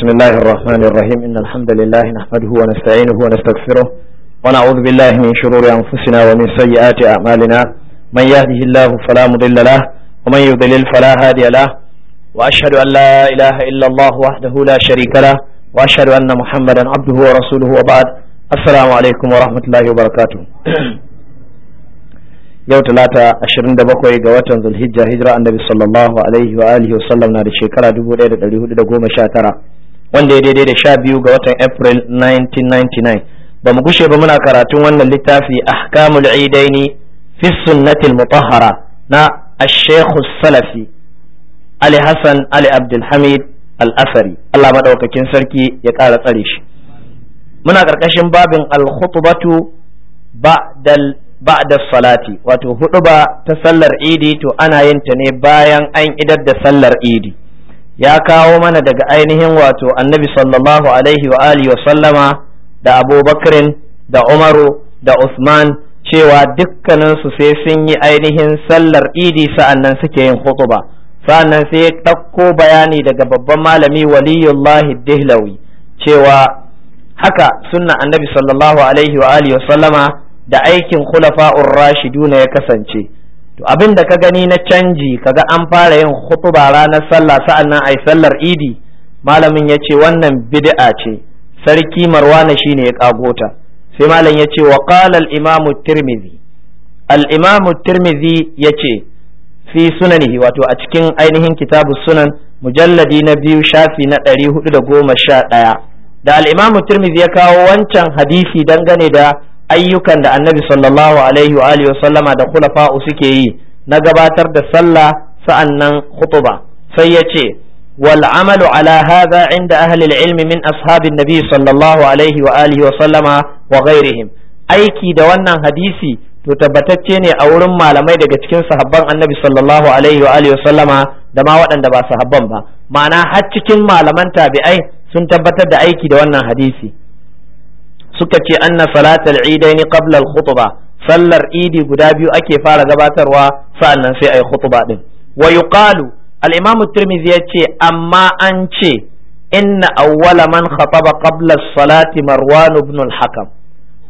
بسم الله الرحمن الرحيم إن الحمد لله نحمده ونستعينه ونستغفره ونعوذ بالله من شرور أنفسنا ومن سيئات أعمالنا من يهده الله فلا مضل له ومن يضلل فلا هادي له وأشهد أن لا إله إلا الله وحده لا شريك له وأشهد أن محمدا عبده ورسوله وبعد السلام عليكم ورحمة الله وبركاته yau talata 27 ga watan zulhijja hijira annabi sallallahu alaihi wa alihi wasallam na da shekara 1419 wanda ya daidai da sha biyu ga watan april 1999 ba mu gushe ba muna karatun wannan littafi ahkamul idaini fi sunnatil mutahhara na ash salafi ali hasan ali abdulhamid al-asari Allah maɗaukakin sarki ya ƙara tsare shi muna karkashin babin al-khutbatu ba'da salati wato huɗuba ta sallar idi to ana yin ta ne bayan an idar da sallar idi ya kawo mana daga ainihin wato annabi sallallahu alaihi wa alihi wa sallama da abubakarin da umaru da usman cewa dukkaninsu sai sun yi ainihin sallar idi sa'annan suke yin hutuba sa'annan sai ya ɗauko bayani daga babban malami waliyullahi dihlawi cewa haka sunna annabi sallallahu alaihi wa alihi wa sallama da aikin khulafa'ur rashiduna ya kasance to abin da ka gani na canji kaga an fara yin hutuba ranar sallah sa'annan ai sallar idi malamin ya ce wannan bid'a ce sarki marwana shine ya kagota sai malam ya ce wa qala al imam tirmidhi al imam tirmidhi ya fi sunanihi wato a cikin ainihin kitabu sunan mujalladi na biyu shafi na ɗari da goma sha ɗaya da ya kawo wancan hadisi dangane da ayyukan da annabi sallallahu alaihi wa alihi sallama da kulafa'u suke yi na gabatar da sallah sa'annan khutba sai ya ce wal amalu ala hadha inda ahli ilmi min ashabin nabi sallallahu alaihi wa alihi wa sallama wa ghairihim aiki da wannan hadisi to tabbatacce ne a wurin malamai daga cikin sahabban annabi sallallahu alaihi wa alihi sallama da ma waɗanda ba sahabban ba ma'ana har cikin malaman tabi'ai sun tabbatar da aiki da wannan hadisi suka ce anna salatal idaini qabla al khutba sallar idi guda biyu ake fara gabatarwa sa'annan sai ayi khutba din wa yuqalu al imam tirmidhi yace amma an ce inna awwala man khataba qabla salati marwan ibn al hakam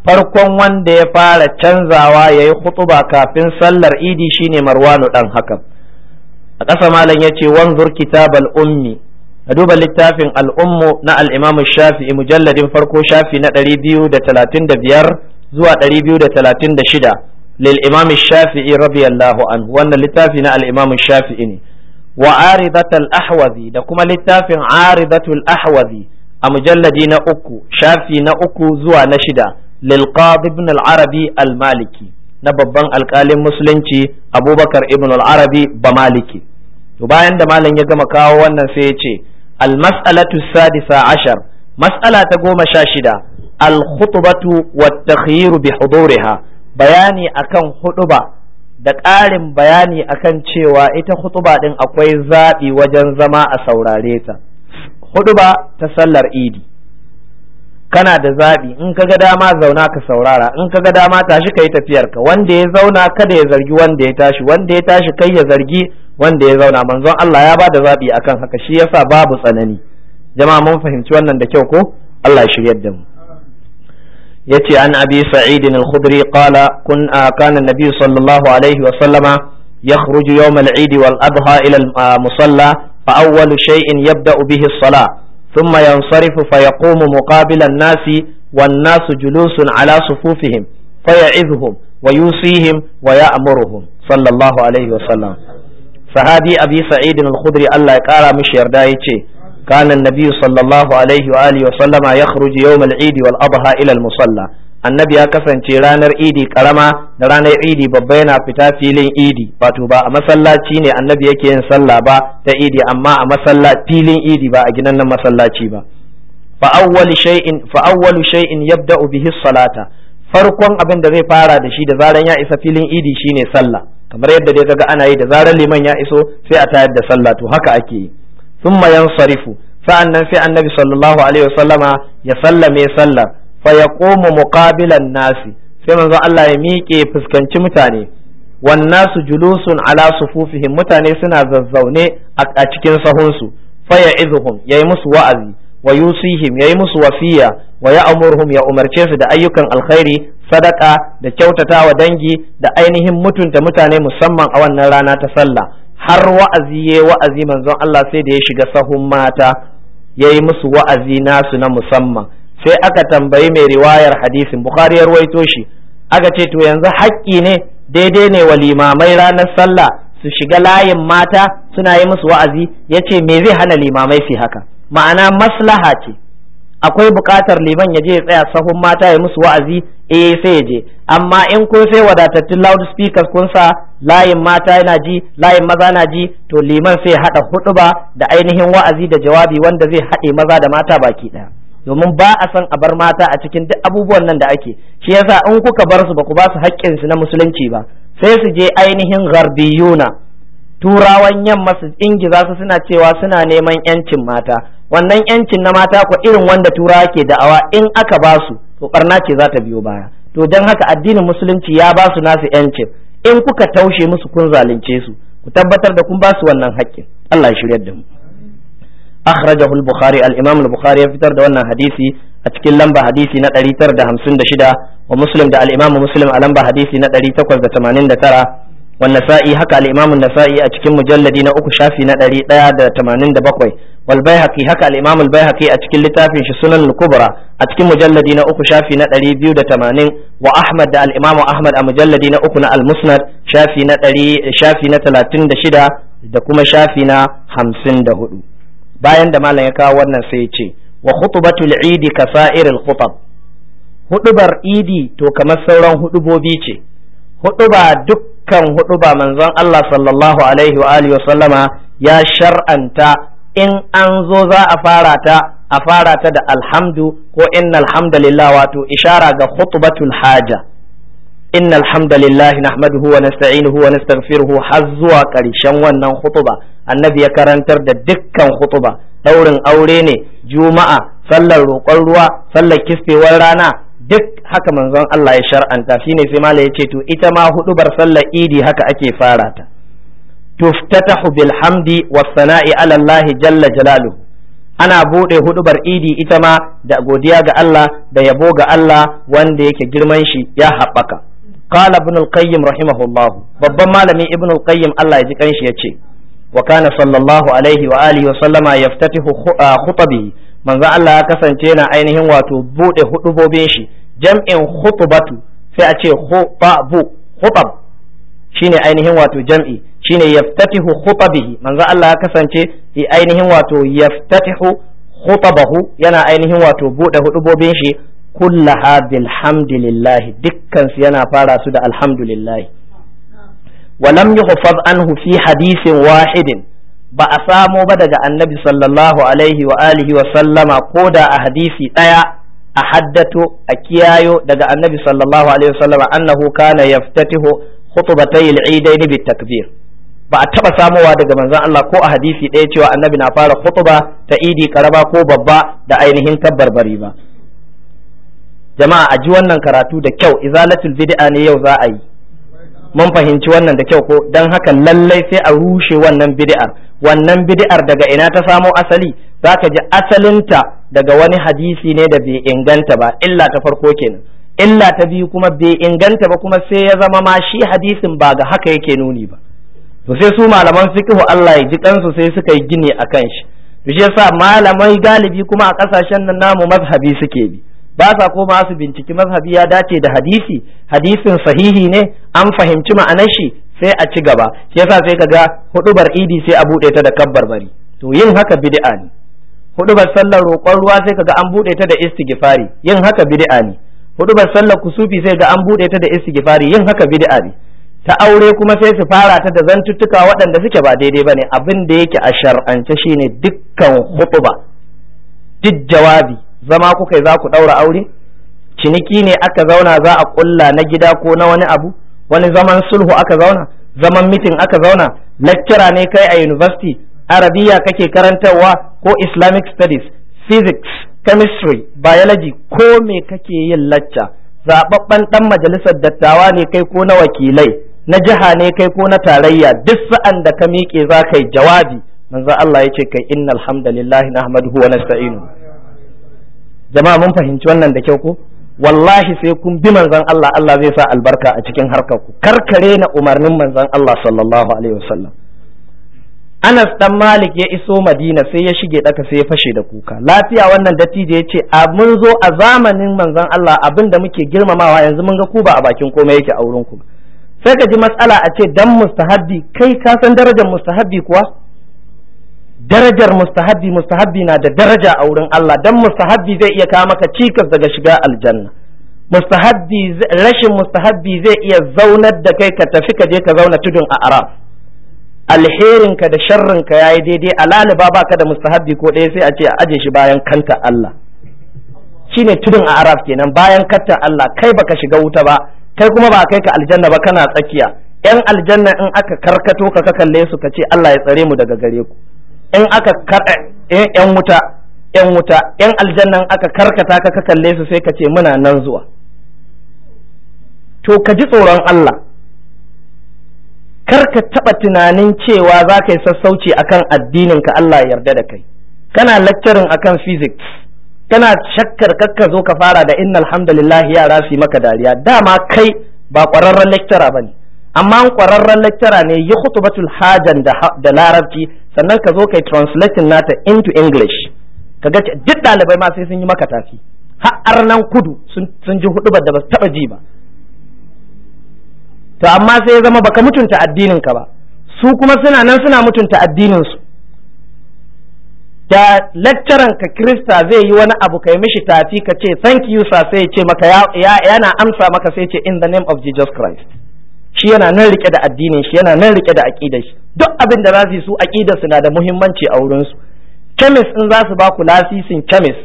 farkon wanda ya fara canzawa yayi khutba kafin sallar idi shine marwan dan hakam a ƙasa malam yace wanzur kitabal ummi A duba littafin al'ummu na al'imam shafi'i mujalladin farko shafi na 235 zuwa 236 lil imam shafi'i radiyallahu anhu wannan littafi na al'imam shafi'i ne wa aridatul ahwazi da kuma littafin aridatul ahwazi a mujalladi na uku shafi na uku zuwa na shida lil qadi ibn al arabi al maliki na babban alkalin musulunci abubakar ibn al arabi ba maliki to bayan da malam ya gama kawo wannan sai ya ce المسألة السادسة عشر مسألة تقوم شاشدة الخطبة والتخيير بحضورها Bayani akan huɗuba, da ƙarin bayani akan cewa ita hutuba ɗin akwai zaɓi wajen zama a saurare ta hutuba ta sallar idi kana da zaɓi in ka ga dama zauna ka saurara in ka ga dama tashi ka yi tafiyarka wanda ya zauna kada ya zargi wanda ya tashi wanda ya tashi kai ya zargi wanda ya zauna manzon Allah ya da zaɓi akan haka shi yasa babu tsanani jama'a mun fahimci wannan da kyau ko Allah ya shiryar da mu yace an abi sa'id al-khudri qala kun kana nabi sallallahu alaihi wa sallama yakhruju yawm al-eid wal adha ila al-musalla fa awwalu shay'in yabda'u bihi as-salah ثم ينصرف فيقوم julusun ala sufufihim fa على صفوفهم فيعظهم wa ويأمرهم صلى الله عليه وسلم sahabi abi sa'id al-khudri Allah ya kara mishi yarda yace kana annabi sallallahu alaihi wa alihi wa sallama yakhruju yawm al-eid wal adha ila al-musalla annabi ya kasance ranar idi karama da ranar idi babba yana fita filin idi wato ba a masallaci ne annabi yake yin sallah ba ta idi amma a masallaci filin idi ba a gidan nan masallaci ba fa awwalu shay'in fa awwalu shay'in yabda'u bihi salata farkon abin da zai fara da shi da zaran ya isa filin idi shine sallah kamar yadda dai kaga ana yi da zarar liman ya iso sai a tayar da sallah to haka ake yi thumma yansarifu sa'annan sai annabi sallallahu alaihi wasallama ya sallame sallah. fa yaqumu muqabilan nasi sai manzo Allah ya miƙe fuskanci mutane wan nasu julusun ala sufufihim mutane suna zazzaune a cikin sahunsu fa ya'izuhum yayi musu wa'azi wa yusihim yayi musu wasiya wa ya'muruhum ya umarce su da ayyukan alkhairi sadaka da kyautata wa dangi da ainihin mutunta mutane musamman a wannan rana ta sallah har wa'azi ya wa'azi manzon Allah sai da ya shiga sahun mata ya yi musu wa'azi nasu na musamman sai aka tambayi mai riwayar hadisin bukhari ya ruwaito shi aka ce to yanzu haƙƙi ne daidai ne wa limamai ranar sallah su shiga layin mata suna yi musu wa'azi ya ce me zai hana limamai su haka ma'ana maslaha ce akwai buƙatar liman ya je ya tsaya sahun mata ya musu wa'azi eh sai ya je amma in kun sai wadatattun speakers kun sa layin mata yana ji layin maza na ji to liman sai ya haɗa ba da ainihin wa'azi da jawabi wanda zai haɗe maza da mata baki ɗaya domin ba a san a bar mata a cikin duk abubuwan nan da ake shi yasa in kuka bar su ba ku ba su haƙƙin su na musulunci ba sai su je ainihin garbiyuna turawan yamma su ingiza su suna cewa suna neman yancin mata wannan yancin na mata ku irin wanda turawa ke da'awa in aka ba su to barna ce za ta biyo baya to don haka addinin musulunci ya ba su nasu yancin in kuka taushe musu kun zalunce su ku tabbatar da kun ba su wannan haƙƙin Allah ya shiryar da mu akhrajahu al-bukhari al-imam al-bukhari ya fitar da wannan hadisi a cikin lamba hadisi na 956 wa muslim da al-imam muslim a lamba hadisi na 889 wan nasa'i haka al-imam an a cikin mujalladi na uku shafi na 187 wal baihaqi haka al-imam al a cikin littafin shi sunan al a cikin mujalladi na uku shafi na 280 wa ahmad da al-imam ahmad a mujalladi na uku na al-musnad shafi na 100 shafi na 36 da kuma shafi na 54 bayan da malam ya kawo wannan sai ya ce wa khutbatul idi kasairil khutab hudubar idi to kamar sauran hudubobi ce huduba duk dukkan hudu ba manzon Allah sallallahu alaihi wa alihi wasallama ya shar'anta in an zo za a fara ta a fara ta da alhamdu ko inna alhamdulillah wato ishara ga khutbatul haja inna alhamdulillah nahmaduhu wa nasta'inuhu wa nastaghfiruhu har zuwa karshen wannan khutba annabi ya karantar da dukkan khutba daurin aure ne juma'a sallar roƙon ruwa sallar kiskewar rana duk haka manzon Allah ya shar'anta ne sai mala yace to ita ma hudubar sallar idi haka ake fara ta tuftatahu bilhamdi hamdi was jalla jalaluhu ana buɗe huɗubar idi ita ma da godiya ga Allah da yabo ga Allah wanda yake girman shi ya haɓaka قال ابن القيم رحمه الله babban malami ibn al-qayyim Allah ya ji kanshi yace wa kana sallallahu alaihi wa alihi wa sallama yaftatihu ah, khutabi manzo Allah ya kasance na ainihin wato buɗe hudubobin shi jam'in khutbatu sai a ce khutabu khutab shine ainihin wato jam'i shine yaftatihu khutabihi manzo Allah ya kasance yi ainihin wato yaftatihu khutabahu yana ainihin wato bude hudubobin shi kullaha bilhamdulillah dukkan su yana fara su da alhamdulillah walam yuhfaz anhu fi hadisin wahidin ba a samo ba daga annabi sallallahu alaihi wa alihi wa sallama ko da a hadisi ɗaya. a haddato a kiyayo daga annabi sallallahu alaihi wasallam annahu kana yaftatihu khutbatayil idaini bi takbir ba a taba samowa daga manzon Allah ko a hadisi ɗaya cewa annabi na fara khutba ta idi karaba ko babba da ainihin tabbarbari ba jama'a a ji wannan karatu da kyau izalatul bid'a ne yau za a yi mun fahimci wannan da kyau ko dan haka lallai sai a rushe wannan bid'ar wannan bid'ar daga ina ta samo asali zaka ji asalinta daga wani hadisi ne da bai inganta ba illa ta farko kenan illa ta biyu kuma bai inganta ba kuma sai ya zama ma shi hadisin ba ga haka yake nuni ba to sai su malaman fiqhu Allah ya ji kansu sai suka yi gini akan shi to shi yasa malamai galibi kuma a kasashen nan namu mazhabi suke bi ba sa koma su binciki mazhabi ya dace da hadisi hadisin sahihi ne an fahimci ma'anar shi sai a ci gaba shi yasa sai kaga hudubar idi sai a bude ta da kabbar bari to yin haka bid'a ne Hudu bar sallar roƙon ruwa sai kaga an buɗe ta da istighfari yin haka bid'a ne hudubar sallar kusufi sai ga an buɗe ta da istighfari yin haka bid'a ne ta aure kuma sai su fara ta da zantuttuka waɗanda suke ba daidai ba ne. abin da yake a shar'ance shine dukkan ba. duk jawabi zama ku kai za ku ɗaura aure ciniki ne aka zauna za a ƙulla na gida ko na wani abu wani zaman sulhu aka zauna zaman mitin aka zauna lecturer ne kai a university arabiya kake karantarwa ko islamic studies physics chemistry biology ko me kake yin lacca Zaɓaɓɓen dan majalisar dattawa ne kai ko na wakilai na jiha ne kai ko na tarayya duk sa'an da ka miƙe za ka yi jawabi manzo Allah ya ce kai innal hamdalillah nahmaduhu wa nasta'inu jama'a mun fahimci wannan da kyau ko wallahi sai kun bi manzon Allah Allah zai sa albarka a cikin harkar ku karkare na umarnin manzon Allah sallallahu alaihi wasallam Anas dan Malik ya iso Madina sai ya shige daka sai ya fashe da kuka lafiya wannan dattijo ya ce a mun zo a zamanin manzon Allah abin da muke girmamawa yanzu mun ga ku ba a bakin komai yake a wurin ku sai ka ji matsala a ce dan mustahabbi kai ka san darajar mustahabbi kuwa darajar mustahabbi mustahabbi na da daraja a wurin Allah dan mustahabbi zai iya kawo maka cikas daga shiga aljanna mustahabbi rashin mustahabbi zai iya zaunar da kai ka tafi ka je ka zauna tudun a arab alherinka da sharrinka ya yi daidai a laliba ba ka da mustahabbi ko ɗaya sai a ce a aje shi bayan kanta Allah shi ne tudun a araf kenan bayan kanta Allah kai baka shiga wuta ba kai kuma ba kai ka aljanna ba kana tsakiya yan aljanna in aka karkato ka ka kalle su ka ce Allah ya tsare mu daga gare ku in aka eh, yan wuta yan wuta ƴan aljanna in aka karkata ka ka kalle su sai ka ce muna nan zuwa to ka ji tsoron Allah kar ka taɓa tunanin cewa za ka yi sassauci akan addinin ka Allah yarda da kai kana lecturing akan physics kana shakkar kakka zo ka fara da inna alhamdulillah yara su maka dariya dama kai ba ƙwararren ba ne amma an ƙwararren lecturer ne ya khutbatul hajan da larabci sannan ka zo kai translating nata into english kaga duk ɗalibai ma sai sun yi maka tafi har nan kudu sun ji hudubar da ba su taba ji ba to amma sai ya zama baka mutunta addininka ba su kuma suna nan suna mutunta addininsu da lecturer ka krista zai yi wani abu kai mishi tafi ka ce thank you sir sai ce maka ya yana amsa maka sai ce in the name of Jesus Christ shi yana nan rike da addinin shi yana nan rike da aqidar shi duk abin da za su su aqidar su na da muhimmanci a wurin su chemist in za su ba ku lasisin chemist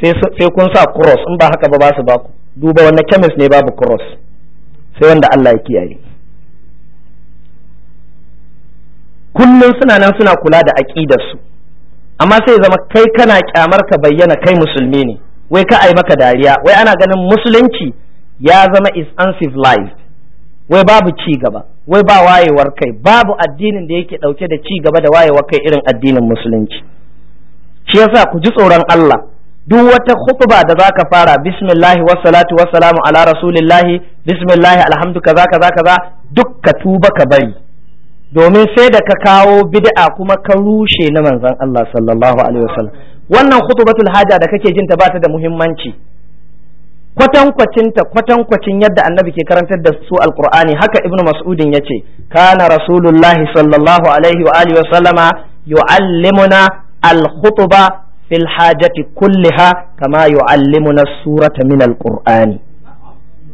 sai kun sa cross in ba haka ba ba su ba ku duba wannan chemist ne babu cross sai wanda Allah ya kiyaye kullum suna nan suna kula da aƙidarsu amma sai zama kai kana kyamar ka bayyana kai musulmi ne wai ka ai maka dariya wai ana ganin musulunci ya zama is life wai babu ci gaba wai ba wayewar kai babu addinin da yake dauke da ci gaba da wayewar kai irin addinin musulunci shi yasa ku ji tsoron Allah duk wata khutba da zaka fara bismillahi wassalatu wassalamu ala rasulillahi bismillahi alhamdu kaza kaza za, duk ka tuba ka bari domin sai da ka kawo bid'a kuma ka rushe na manzon Allah sallallahu alaihi wasallam wannan khutbatul haja da kake jinta ba ta da muhimmanci kwatankwacinta kwatankwacin yadda annabi ke karantar da su alqur'ani haka ibnu mas'udin yace kana rasulullahi sallallahu alaihi wa alihi wa yu'allimuna al-khutba fil hajati kulliha kama yu'allimuna surata minal alqur'ani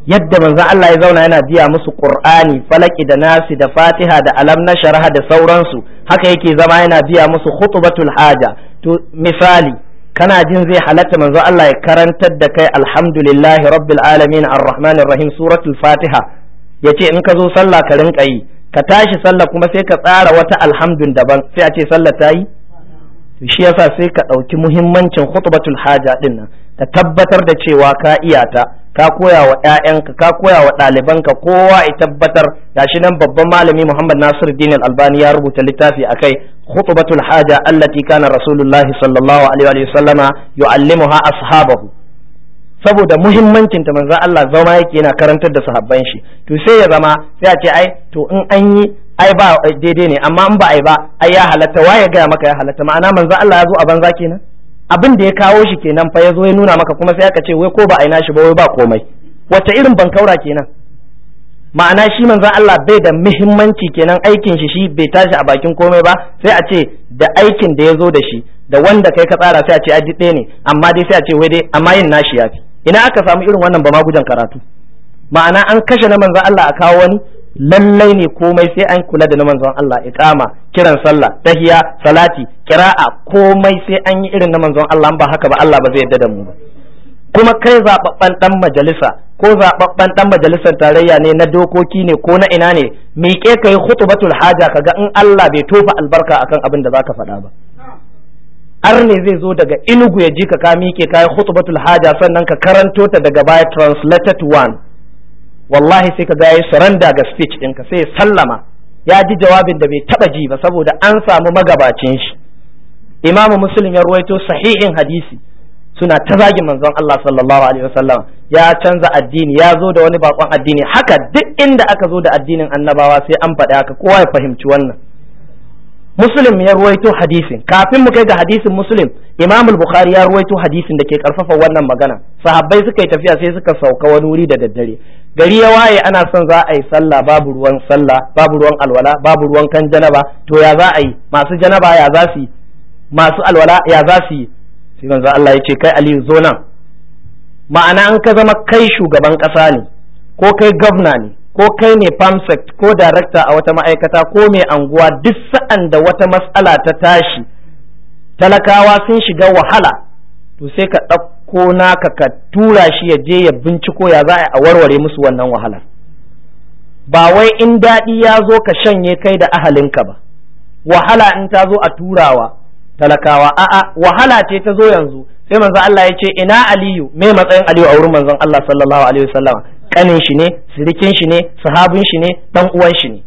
yadda manzo Allah ya zauna yana biya musu Qur'ani falaki da nasi da Fatiha da alam na sharaha da sauransu haka yake zama yana biya musu khutbatul haja to misali kana jin zai halatta manzo Allah ya karantar da kai alhamdulillahi rabbil alamin arrahmanir rahim suratul Fatiha yace in ka zo sallah ka rinkayi ka tashi sallah kuma sai ka tsara wata alhamdun daban sai a ce sallah ta yi to shi yasa sai ka ɗauki muhimmancin khutbatul haja din nan ka tabbatar da cewa ka iya ta ka koya wa ƴaƴanka ka koya wa ɗalibanka kowa ya tabbatar gashi nan babban malami Muhammad Nasir Din Albani ya rubuta littafi akai khutbatul haja allati kana rasulullahi sallallahu alaihi wa sallama yu'allimuha ashabahu saboda muhimmancin ta manzo Allah zama yake yana karantar da sahabban shi to sai ya zama sai a ce ai to in an yi ai ba daidai ne amma in ba ai ba ai ya halatta wa ya gaya maka ya halatta ma'ana manzo Allah ya zo a banza kenan abin da ya kawo shi kenan fa ya zo ya nuna maka kuma sai aka ce wai ko ba aina shi ba wai ba komai wata irin bankaura kenan ma'ana shi manzo Allah bai da muhimmanci kenan aikin shi shi bai tashi a bakin komai ba sai a ce da aikin da ya zo da shi da wanda kai ka tsara sai a ce aji ɗaya ne amma dai sai a ce wai dai amma yin nashi yafi ina aka samu irin wannan ba ma gujan karatu ma'ana an kashe na manzo Allah a kawo wani lallai ne komai sai an kula da na manzon Allah iqama kiran sallah tahiya salati kira'a komai sai an yi irin na manzon Allah ba haka ba Allah ba zai yarda da mu ba kuma kai zababban dan majalisa ko zababban dan majalisar tarayya ne na dokoki ne ko na ina ne miƙe ka yi khutbatul haja kaga in Allah bai tofa albarka akan abin da zaka faɗa ba arne zai zo daga inugu ya ji ka ka miƙe ka yi hutubatul haja sannan ka karanto ta daga baya translated one wallahi sai ka ga yayi suranda ga speech ɗinka sai ya sallama ya ji jawabin da bai taɓa ji ba saboda an samu magabacin shi imamu muslim ya ruwaito sahihin hadisi suna ta zagin manzon Allah sallallahu alaihi wasallam ya canza addini ya zo da wani bakon addini haka duk inda aka zo da addinin annabawa sai an faɗi haka kowa ya fahimci wannan muslim ya ruwaito hadisin kafin mu kai ga hadisin muslim Imam bukhari ya ruwaito hadisin da ke karfafa wannan magana sahabbai suka yi tafiya sai suka sauka wani wuri da daddare gari ya waye ana son za a yi sallah babu ruwan sallah babu ruwan alwala babu ruwan kan janaba to ya za a yi masu janaba ya za su yi masu alwala ya za su yi sai manzo Allah ya ce kai Aliyu zo nan ma'ana an ka zama kai shugaban kasa ne ko kai gwamna ne ko kai ne pamsect ko director a wata ma'aikata ko mai anguwa duk sa'an da wata mas'ala ta tashi talakawa sun shiga wahala to sai ka ɗauko naka ka tura shi ya je ya binciko ya za a warware musu wannan wahala. ba wai in daɗi ya zo ka shanye kai da ahalinka ba wahala in ta zo a turawa talakawa a'a wahala ce ta zo yanzu sai manzo Allah ya ce ina aliyu me matsayin aliyu a wurin manzon Allah sallallahu alaihi wasallam kanin shi ne sirikin shi ne sahabin shi ne dan uwan shi ne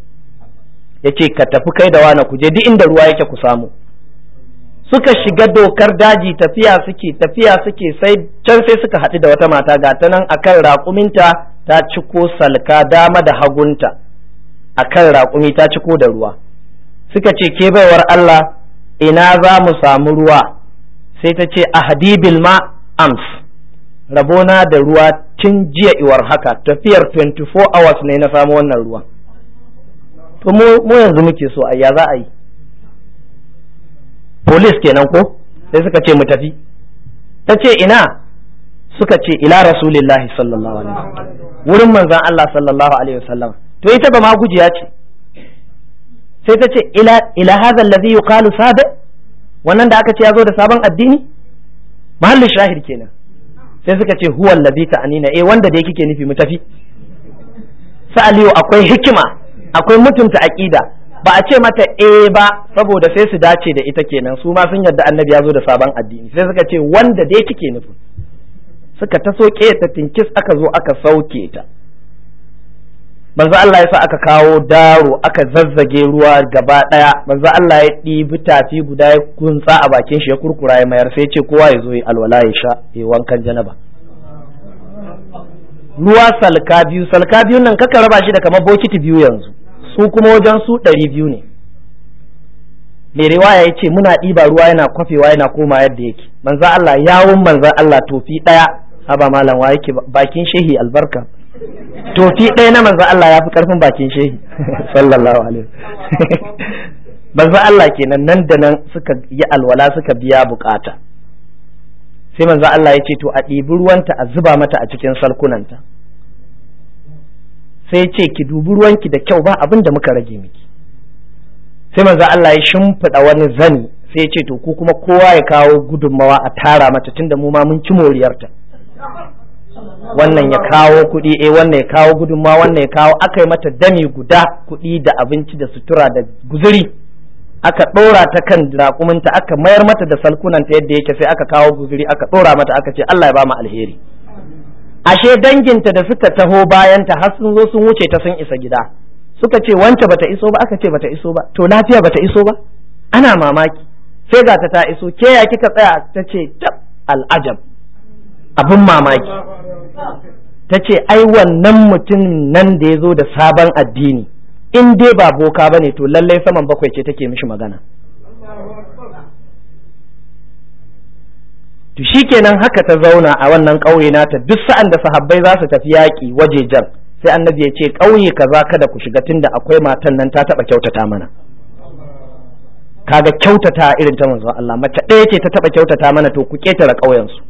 yace ka tafi kai da wani ku je duk inda ruwa yake ku samu suka shiga dokar daji tafiya suke tafiya suke sai can sai suka haɗu da wata mata ga ta nan akan raƙuminta ta ciko salka dama da hagunta akan raƙumi ta ciko da ruwa suka ce ke baiwar Allah ina za mu samu ruwa sai ta ce ahadibil ma ams rabona da ruwa tun jiya iwar haka tafiyar 24 hours ne na samu wannan ruwa to mu yanzu muke so ayya za a yi polis kenan ko sai suka ce mu tafi ta ce ina suka ce ila rasulillahi sallallahu alaihi wasallam wurin manzon Allah sallallahu alaihi wasallam to ita ba ma gujiya ce sai ta ce ila ila hadha alladhi yuqalu sabi wannan da aka ce ya zo da sabon addini mahallin shahid kenan sai suka ce huwa alladhi ta'anina eh wanda dai kike nufi mu tafi sa akwai hikima akwai mutunta aqida ba a ce mata eh ba saboda sai su dace da ita kenan su ma sun yarda annabi ya zo da sabon addini sai suka ce wanda dai kike nufi suka ta soke ta tinkis aka zo aka sauke ta manzo Allah ya sa aka kawo daro aka zazzage ruwa gaba daya manzo Allah ya ɗibi tafi guda ya kuntsa a bakin shi ya kurkura ya mayar sai ce kowa ya zo ya alwala ya sha ya wankan janaba ruwa salka biyu salka biyu nan kaka raba shi da kamar bokiti biyu yanzu su kuma wajen su ɗari biyu ne mai riwaya ya ce muna ɗiba ruwa yana kwafewa yana koma yadda yake Manza Allah yawun manza Allah tofi ɗaya haba malam wa yake bakin shehi albarka tofi ɗaya na manza Allah ya fi ƙarfin bakin shehi sallallahu alaihi Manza Allah kenan nan da nan suka yi alwala suka biya bukata sai manza Allah ya ce to a ɗibi ruwanta a zuba mata a cikin salkunanta sai ce ki dubi ruwanki da kyau ba abin da muka rage miki sai manzo Allah ya shimfiɗa wani zani sai ce to ku kuma kowa ya kawo gudunmawa a tara mata tunda mu ma mun ci moriyarta wannan ya kawo kuɗi eh wannan ya kawo gudunmawa wannan ya kawo aka yi mata dami guda kuɗi da abinci da sutura da guzuri aka ɗora ta kan raƙuminta aka mayar mata da salkunanta yadda yake sai aka kawo guzuri aka ɗora mata aka ce Allah ya ba mu alheri ashe danginta da suka taho bayanta har sun zo sun wuce ta sun isa gida suka ce wance bata iso ba aka ce bata iso ba to lafiya bata iso ba ana mamaki sai ga ta ta iso ke ya kika tsaya ta ce tab al'ajab abin mamaki ta ce ai wannan mutum nan da ya zo da sabon addini in dai ba boka ba ne to lallai saman bakwai ce take mishi magana to shikenan haka ta zauna a wannan ƙauye nata duk sa'an da sahabbai za su tafi yaƙi wajejen sai annabi ya ce ƙauye kaza kada ku shiga tunda akwai matan nan ta taɓa kyautata mana kaga kyautata irin ta manzon Allah mace ɗaya ce ta taɓa kyautata mana to ku ƙetare ƙauyensu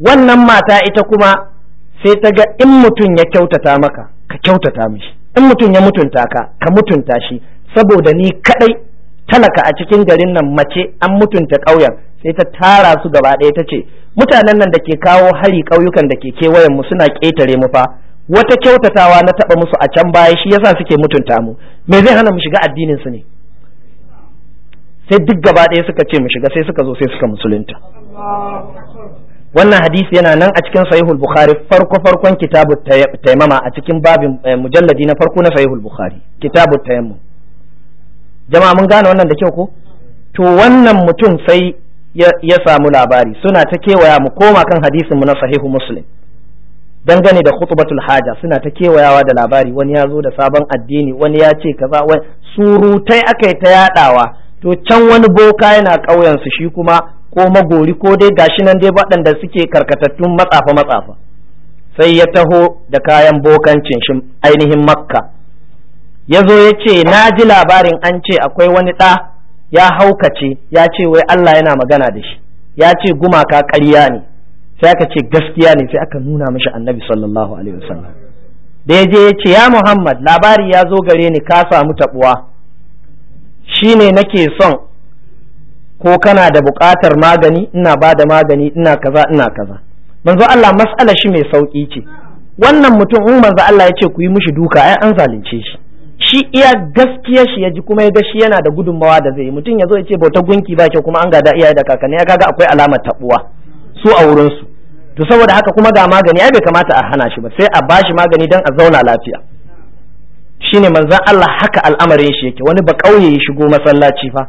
wannan mata ita kuma sai ta ga in mutum ya kyautata maka ka kyautata mishi in mutum ya mutunta ka ka mutunta shi saboda ni kadai talaka a cikin garin nan mace an mutunta ƙauyen sai ta tara su gaba ɗaya ta ce mutanen nan da ke kawo hari ƙauyukan da ke kewayen mu suna ƙetare mu fa wata kyautatawa na taɓa musu a can baya shi yasa suke mutunta mu me zai hana mu shiga addinin su ne sai duk gaba ɗaya suka ce mu shiga sai suka zo sai suka musulunta wannan hadisi yana nan a cikin sahihul bukhari farko farkon kitabu taimama a cikin babin eh, mujalladi na farko na sahihul bukhari kitabu taimama jama'a mun gane wannan da kyau ko to wannan mutum sai ya samu labari suna ta kewaya mu koma kan hadisin mu na sahihu muslim dangane da khutbatul haja suna ta kewayawa da labari wani ya zo da sabon addini wani ya ce kaza wani surutai aka yi ta yadawa to can wani boka yana ƙauyen su shi kuma ko magori ko dai gashi nan dai waɗanda suke karkatattun matsafa matsafa sai ya taho da kayan bokancin shi ainihin makka ya zo ya ce na ji labarin an ce akwai wani ɗa ya haukace ya ce wai Allah yana magana da shi ya ce gumaka ƙarya ne sai aka ce gaskiya ne sai aka nuna mashi annabi sallallahu alaihi wasallam da ya je ya ce ya Muhammad labari ya zo gare ni ka samu taɓuwa shine nake son ko kana da buƙatar magani ina ba da magani ina kaza ina kaza manzo Allah mas'ala shi mai sauƙi ce wannan mutum in manzo Allah ya ce ku yi mishi duka ai an zalunce shi shi iya gaskiyar shi ya ji kuma ya ga shi yana da gudunmawa da zai mutum ya zo ya ce bauta gunki ba kyau kuma an gada iyaye da kakanni ya kaga akwai alamar tabuwa su a wurin su to saboda haka kuma ga magani ai bai kamata a hana shi ba sai a bashi magani dan a zauna lafiya shine manzon Allah haka al'amarin shi yake wani ba kauye ya shigo masallaci fa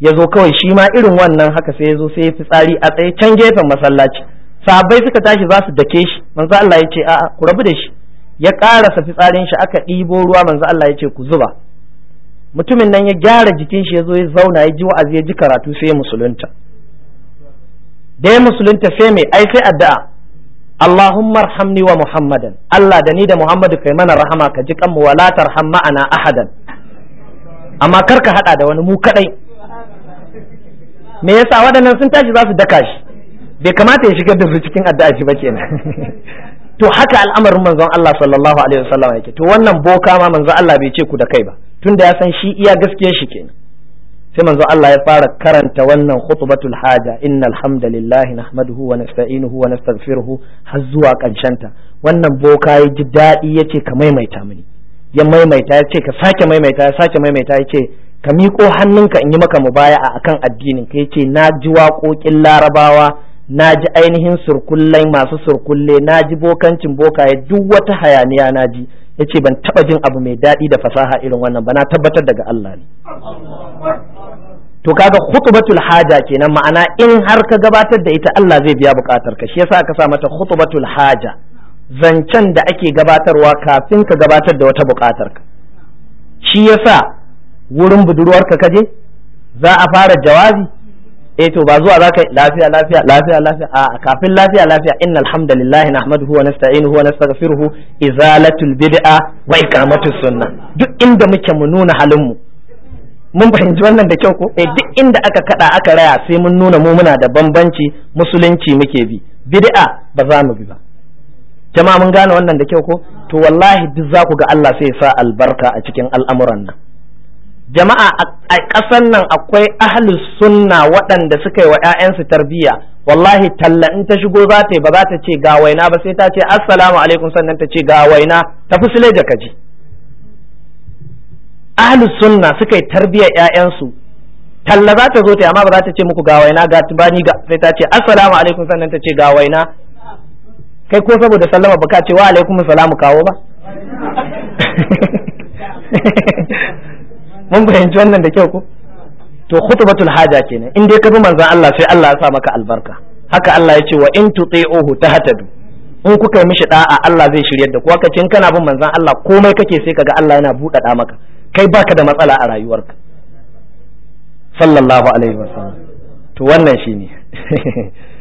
ya zo kawai shi ma irin wannan haka sai ya zo sai ya fi tsari a tsaye can gefen masallaci sahabbai suka tashi za su dake shi manzo Allah ya ce a'a ku rabu da shi ya ƙarasa fitsarin shi aka ɗibo ruwa manzo Allah ya ce ku zuba mutumin nan ya gyara jikin shi ya zo ya zauna ya ji wa'azi ya ji karatu sai musulunta da ya musulunta sai mai ai sai addu'a Allahumma arhamni wa Muhammadan Allah da ni da Muhammadu kai mana rahama ka ji kanmu wala tarham ma'ana ahadan amma kar ka hada da wani mu kadai me yasa waɗannan sun tashi za su daka shi bai kamata ya shigar da su cikin addu'a shi ba kenan to haka al'amarin manzon Allah sallallahu alaihi wasallam yake to wannan boka ma manzon Allah bai ce ku da kai ba tunda ya san shi iya gaskiyar shi kenan sai manzo Allah ya fara karanta wannan khutbatul haja innal hamdalillahi nahmaduhu wa nasta'inuhu wa nastaghfiruhu har zuwa kanshanta wannan boka ya ji dadi yace ka maimaita mini ya maimaita ya ce ka sake maimaita ya sake maimaita ya ce ka miƙo hannunka in yi maka mubaya'a akan addinin ka yace na ji waƙoƙin larabawa na ji ainihin surkullai masu surkulle na ji bokancin bokaye duk wata hayaniya na ji ya ce ban taɓa jin abu mai daɗi da fasaha irin wannan ba na tabbatar daga Allah ne to kaga khutbatul haja kenan ma'ana in har ka gabatar da ita Allah zai biya bukatar ka shi yasa aka sa mata khutbatul haja zancen da ake gabatarwa kafin ka gabatar da wata bukatar ka shi yasa wurin budurwarka kaje za a fara jawabi eh to ba zuwa zaka lafiya lafiya lafiya lafiya a kafin lafiya lafiya inna alhamdulillahi nahmaduhu wa nasta'inuhu wa nastaghfiruhu izalatul bid'a wa iqamatus sunnah duk inda muke mu nuna halin mu mun fahimci wannan da kyau ko eh duk inda aka kada aka raya sai mun nuna mu muna da bambanci musulunci muke bi bid'a ba za mu bi ba jama'a mun gane wannan da kyau ko to wallahi duk za ku ga Allah sai ya sa albarka a cikin al'amuran nan jama'a a ƙasar nan akwai ahlus sunna waɗanda suka yi wa 'ya'yansu tarbiyya wallahi talla in ta shigo za ta yi ba za ta ce ga waina ba sai ta ce assalamu alaikum sannan ta ce ga waina ta fi sile ka ji ahlus sunna suka yi tarbiyyar 'ya'yansu talla za ta zo ta amma ba za ta ce muku ga waina ga bani ga sai ta ce assalamu alaikum sannan ta ce ga waina kai ko saboda sallama baka ce wa alaikum salamu kawo ba mun fahimci wannan da kyau ko to khutbatul haja kenan in dai ka bi manzon Allah sai Allah ya sa maka albarka haka Allah ya ce wa in tuti'uhu tahtadu in kuka yi mishi da'a Allah zai shiryar da ku haka kin kana bin manzon Allah komai kake sai kaga Allah yana buɗa buɗaɗa maka kai baka da matsala a rayuwarka sallallahu alaihi wasallam to wannan shine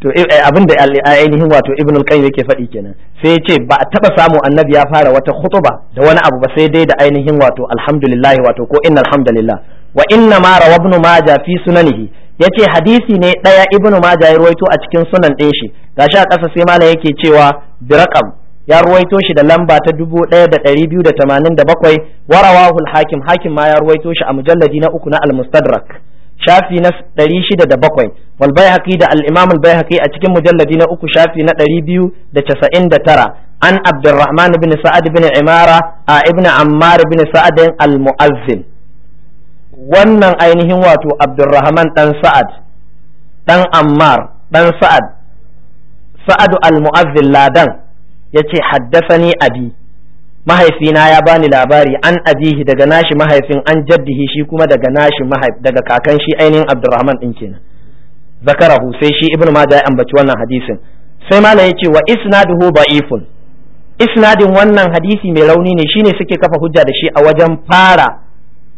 to eh, eh, abin da eh, ainihin wato ibn al-qayyim yake faɗi kenan sai ya ce ba a taba samu annabi ya fara wata khutba da wani abu ba sai dai da ainihin wato alhamdulillah wato ko inna alhamdulillah wa inna ma rawa ibn majah fi sunanihi yace hadisi ne daya ibn majah ya ruwaito a cikin sunan din shi gashi a ƙasa sai malam yake cewa biraqam ya ruwaito shi da lamba ta dubu ɗaya da ɗari biyu da tamanin da bakwai warawahul hakim hakim ma ya ruwaito shi a mujalladi na uku na al-mustadrak shafi da 607 wal baihaqi da al imam al baihaqi a cikin mujalladi na uku shafi na 299 an abdurrahman ibn sa'ad ibn imara a ibn ammar ibn sa'ad al muazzin wannan ainihin wato abdurrahman dan sa'ad dan ammar dan sa'ad sa'ad al muazzin ladan yace haddathani abi mahaifina ya bani labari an abihi daga nashi mahaifin an jaddihi shi kuma daga nashi mahaif daga kakan shi ainihin abdurrahman din kenan zakarahu sai shi ibnu maja ya ambaci wannan hadisin sai malam ya ce wa isnaduhu ba'ifun? isnadin wannan hadisi mai rauni ne shine suke kafa hujja da shi a wajen fara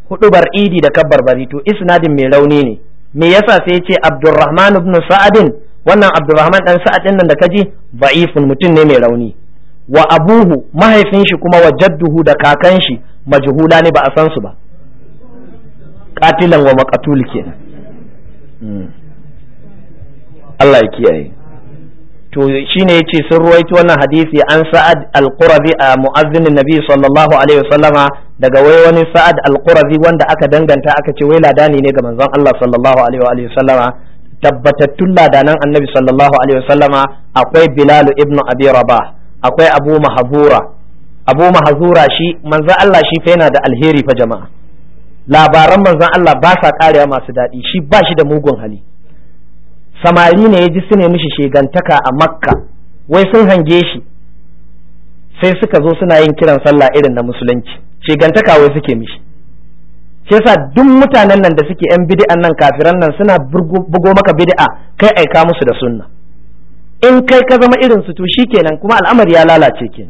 hudubar idi da kabbar bari to isnadin mai rauni ne me yasa sai yace abdurrahman ibn sa'adin wannan abdurrahman dan sa'ad din nan da kaji ba'ifun mutum ne mai rauni wa abuhu mahaifin shi kuma wa jadduhu da kakan shi majhula ne ba a san su ba katilan wa maqatul kenan hmm. Allah ya kiyaye to shine yace sun ruwaito wannan hadisi an sa'ad al qurabi a mu'azzinin nabi sallallahu alaihi wasallama daga wai wani sa'ad al qurabi wanda aka danganta aka ce wai ladani ne ga manzon Allah sallallahu alaihi wa wasallama tabbatattun ladanan annabi sallallahu alaihi wasallama akwai bilal ibn abi rabah akwai abu mahazura abu mahazura shi manzan Allah shi fa yana da alheri fa jama'a labaran manzan Allah ba sa karewa masu daɗi shi ba shi da mugun hali samari ne ya ji su ne mishi shegantaka a makka wai sun hange shi sai suka zo suna yin kiran sallah irin na musulunci shegantaka wai suke mishi shi yasa duk mutanen nan da suke yan bid'an nan kafiran nan suna bugo maka bid'a kai aika musu da sunna in kai ka zama irin su to shikenan kuma al'amar ya lalace ke.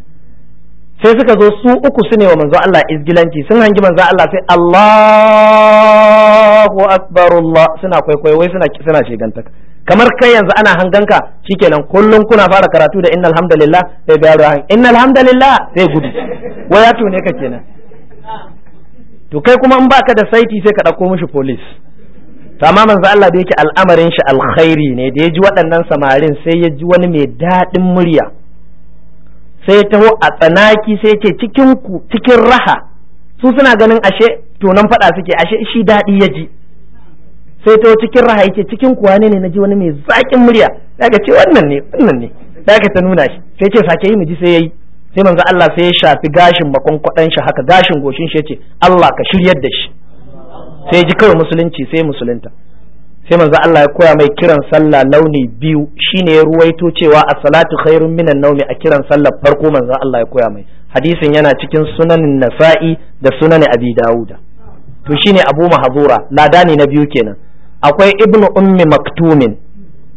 sai suka zo su uku su ne wa manzo Allah izgilanci sun hangi manzo Allah sai Allahu akbar Allah suna kwaikwayo wai suna suna shiganta kamar kai yanzu ana hanganka shikenan kullum kuna fara karatu da innal hamdalillah sai bayar hang innal hamdalillah sai gudu wai ya tune ka kenan to kai kuma in baka da saiti sai ka dauko mishi police to amma manzo Allah da yake al'amarin shi alkhairi ne da ya ji waɗannan samarin sai ya ji wani mai daɗin murya sai ya taho a tsanaki sai ya ce cikin ku cikin raha su suna ganin ashe nan faɗa suke ashe shi daɗi ya ji sai ya taho cikin raha yake cikin ku wane ne na ji wani mai zaƙin murya daga ce wannan ne wannan ne daga ta nuna shi sai ya ce sake yi miji sai yayi sai manzo Allah sai ya shafi gashin bakon kwadan shi haka gashin goshin shi ce Allah ka shiryar da shi sai ji kawai musulunci sai musulunta sai manzo Allah ya koya mai kiran sallah launi biyu shine ya ruwaito cewa as-salatu khairun minan nawmi a kiran sallah farko manzo Allah ya koya mai hadisin yana cikin sunanin nasa'i da sunan abi dauda to shine abu mahzura ladani na biyu kenan akwai ibnu ummi maktumin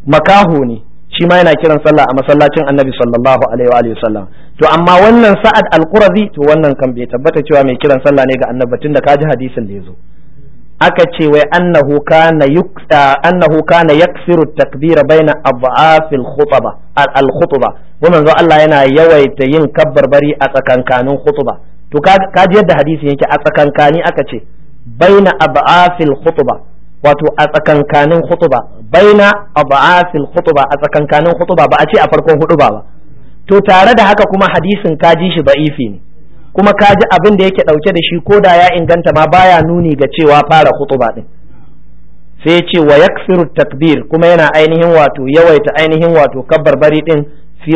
makahu ne shi ma yana kiran sallah a masallacin annabi sallallahu alaihi wa sallam to amma wannan sa'ad al-qurazi to wannan kan bai tabbata cewa mai kiran sallah ne ga annabi tunda kaji hadisin da yazo aka ce wai annahu kana yaksiru takbira baina adhafil khutba al khutba wa manzo Allah yana yawaita yin kabbarbari a tsakankanin khutba to ka ji yadda hadisi yake a tsakankani aka ce baina adhafil khutba wato a tsakankanin khutba baina adhafil khutba a tsakankanin khutba ba a ce a farkon khutba ba to tare da haka kuma hadisin ka ji shi da'ifi ne kuma ka ji abin da yake ɗauke da shi ko da ya inganta ma baya nuni ga cewa fara khutuba din sai ce wa yakfiru takbir kuma yana ainihin wato yawaita ainihin wato kabbarbari din fi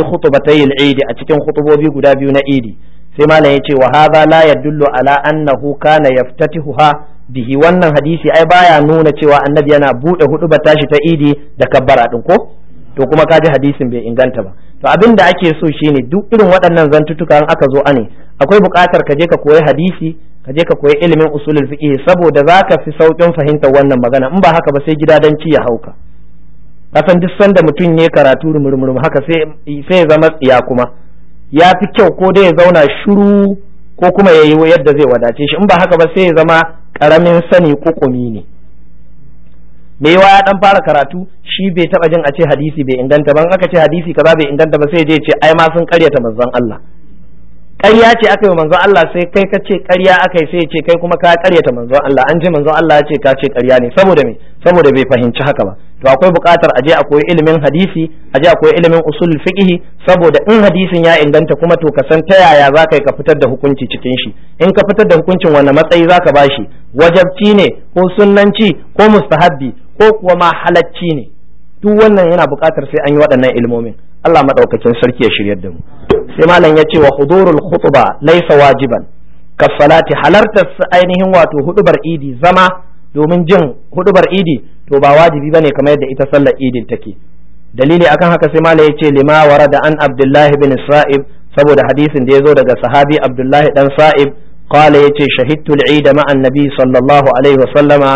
ta yin eid a cikin khutubobi guda biyu na idi sai malam yace wa hadha la yadullu ala annahu kana yaftatihuha bihi wannan hadisi ai baya nuna cewa annabi yana bude hudubar tashi ta idi da kabbara din ko to kuma ka ji hadisin bai inganta ba to abin da ake so shine duk irin waɗannan zantuttuka in aka zo ane akwai buƙatar ka je ka koyi hadisi ka je ka koyi ilimin usulul fiqh saboda zaka fi saukin fahimtar wannan magana in ba haka ba sai ci ya hauka kasan duk sanda mutum ya karatu rumurmurum haka sai sai ya zama tsiya kuma ya fi kyau ko dai ya zauna shiru ko kuma ya yi yadda zai wadace shi in ba haka ba sai ya zama ƙaramin sani kukumi ne me yawa ya dan fara karatu shi bai taba jin a ce hadisi bai inganta ba aka ce hadisi kaza bai inganta ba sai je ce ai ma sun karyata manzon Allah ƙarya ce aka yi manzon Allah sai kai ka ce ƙarya aka yi sai ce kai kuma ka karyata manzon Allah an ji manzon Allah ya ce ka ce ƙarya ne saboda me saboda bai fahimci haka ba to akwai buƙatar a je a koyi ilimin hadisi a je a koyi ilimin usul fiqh saboda in hadisin ya inganta kuma to ka san ta yaya za ka ka fitar da hukunci cikin shi in ka fitar da hukuncin wani matsayi za ka ba shi wajabci ne ko sunnanci ko mustahabbi ko kuwa ma halacci ne duk wannan yana buƙatar sai an yi waɗannan ilmomin Allah madaukakin sarki ya shirya da mu sai malam ya ce wa hudurul khutba laysa wajiban kafalati halartar su ainihin wato hudubar idi zama domin jin hudubar idi to ba wajibi bane kamar yadda ita sallar idin take dalili akan haka sai malam ya ce lima da an abdullahi bin sa'ib saboda hadisin da ya zo daga sahabi abdullahi dan sa'ib qala yace shahidtu al-eid ma'a sallallahu alaihi wa sallama